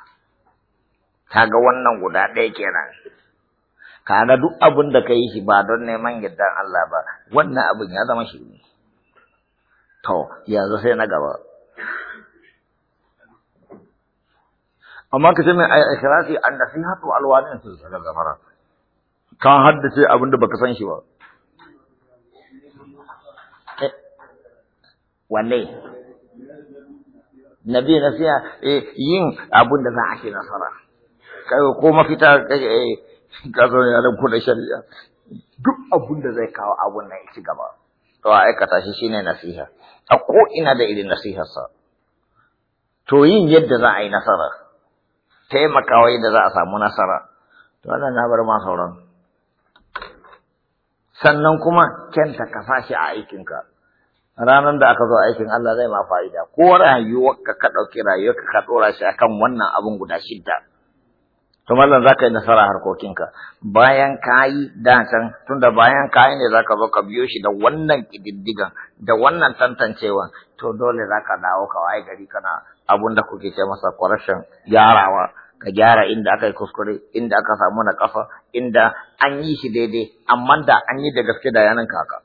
Ta ga wannan guda ɗaya kenan. kana duk abin da ka yi shi ba don neman yardan Allah ba wannan abin ya zama shi ne to yanzu sai na gaba amma ka ce mai ikhlasi an hatu alwanin su daga zamara ka haddace abin da baka san shi ba eh, wanne nabi nasiha eh, yin abin da za a shi nasara kai ko mafita eh, ka zo yaran kuna shari'a duk abun da zai kawo abun nan ci gaba to a aikata shi shine nasiha a ko ina da irin nasihar sa to yin yadda za a yi nasara taimakawa yadda za a samu nasara to wannan na bar ma sauran sannan kuma kenta ka shi a aikinka ranar da aka zo aikin Allah zai ma fa'ida ko rayuwarka ka ɗauki rayuwarka ka ɗora shi akan wannan abun guda shidda to mallan zaka yi nasara harkokinka bayan kayi da tunda bayan kayi ne zaka zo ka biyo shi da wannan kididdigan da wannan tantancewa to dole zaka dawo ka wai gari kana abunda kuke ce masa correction gyarawa ka gyara inda aka yi kuskure inda aka samu na kafa inda an yi shi daidai amma da an yi da gaske da yanan kaka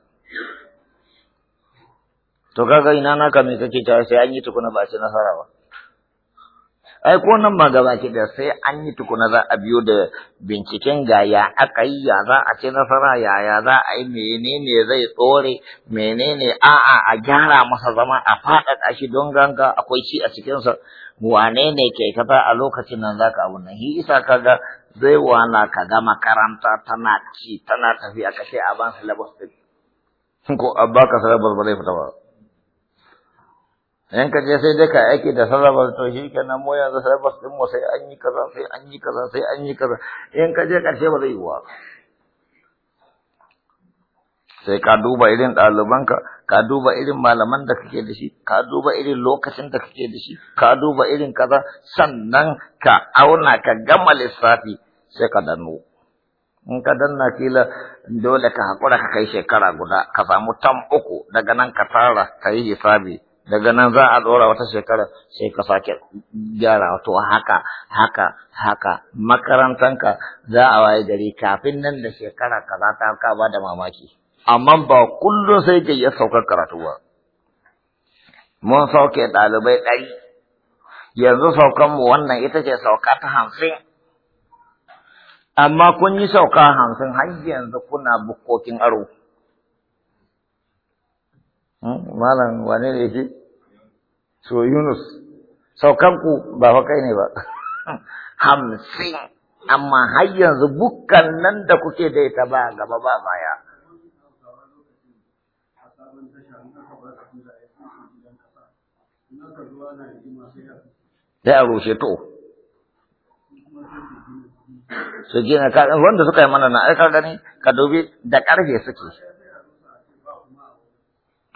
to kaga ina naka me kake cewa sai an yi tukuna ba sai nasara ba ai ko nan ma gaba ki da sai an yi tukuna za a biyo da binciken ga ya aka yi ya za a ce nasara ya ya za a yi menene zai tsore menene a'a a gyara masa zama a faɗaɗa shi don ganga akwai ci a cikinsa wane ne ke kafa a lokacin nan zaka abun nan hi isa kaga zai wana kaga makaranta tana ci tana tafiya kashe a ban ko abba ka ba zai Yan ka je sai dai ka aiki da sarrafa to shi kenan mu yanzu sai bas din mu sai an yi kaza sai an yi kaza sai an yi kaza Yan ka je karshe ba zai yi wa sai ka duba irin ɗalibanka ka duba irin malaman da kake da shi ka duba irin lokacin da kake da shi ka duba irin kaza sannan ka auna ka gama lissafi sai ka danno in ka danna kila dole ka haƙura ka kai shekara guda ka samu tam uku daga nan ka tara ka yi hisabi daga nan za a ɗora wata shekara sai ka sake gyara to haka haka haka makarantanka za a waye gari kafin nan da shekara ka za ta ka ba da mamaki amma ba kullum sai ka iya saukar karatu ba mun sauke ɗalibai ɗari yanzu saukanmu wannan ita ce sauka ta hamsin amma kun yi sauka hamsin har yanzu kuna bukkokin aro malam wane ne yake so yunus saukanku ba fa kai ne ba hamsin amma har yanzu bukkan nan da kuke da ita ba gaba ba baya Da a rushe to su gina wanda suka yi mana na aikar gani ka dubi da ƙarfe suke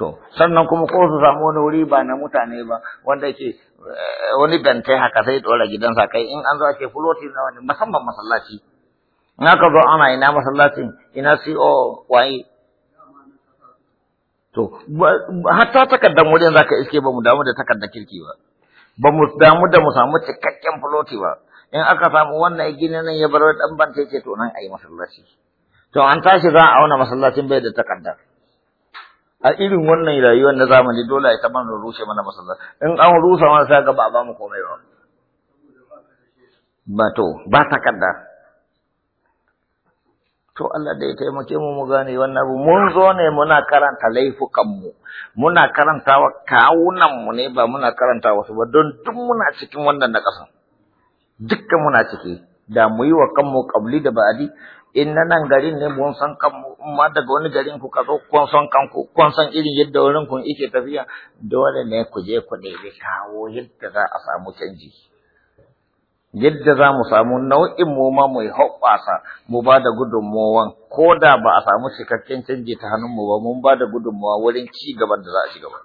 To, sannan kuma ko su samu wani wuri ba na mutane ba, wanda yake eh, wani gantai haka sai dora gidansa kai in an zo ake fuloti na wani musamman masallaci. In aka zo ana ina masallacin, ina CO waye. To, hatta takardar wajen za ka iske ba mu damu da takardar kirki ba. Ba mu damu da mu samu cikakken fuloti ba. In aka samu wannan gini nan ya bar ɗan banta ce to nan a yi masallaci. To, an tashi za a auna masallacin bai da takardar. a irin wannan rayuwar na zamani dole a ita mana rushe mana masallaci in an rusa mana sai ga ba a ba mu komai ba ba to ba takarda to Allah da ya taimake mu mu gane wannan abu mun zo ne muna karanta laifukan mu. muna karanta wa mu ne ba muna karanta wasu ba don duk muna cikin wannan na ƙasan dukkan muna ciki da mu yi wa kanmu ƙabli da ba'adi in nan garin ne mun san kanmu ma daga wani garin ku ka zo kun san kanku kun san irin yadda wurin ku yake tafiya dole ne ku je ku ɗebi kawo yadda za a samu canji yadda za mu samu nau'in mu ma mu hoɓɓasa mu ba da gudunmuwan ko da ba a samu cikakken canji ta hannun mu ba mun ba da gudunmuwa wurin ci gaban da za a ci gaba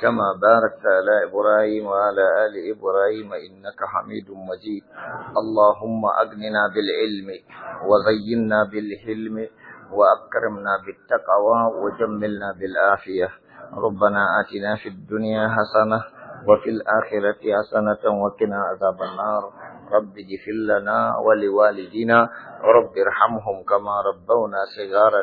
كما باركت على إبراهيم وعلى آل إبراهيم إنك حميد مجيد اللهم أغننا بالعلم وزيننا بالحلم وأكرمنا بالتقوى وجملنا بالعافية ربنا آتنا في الدنيا حسنة وفي الآخرة حسنة وقنا عذاب النار رب اغفر لنا ولوالدينا رب ارحمهم كما ربونا صغارا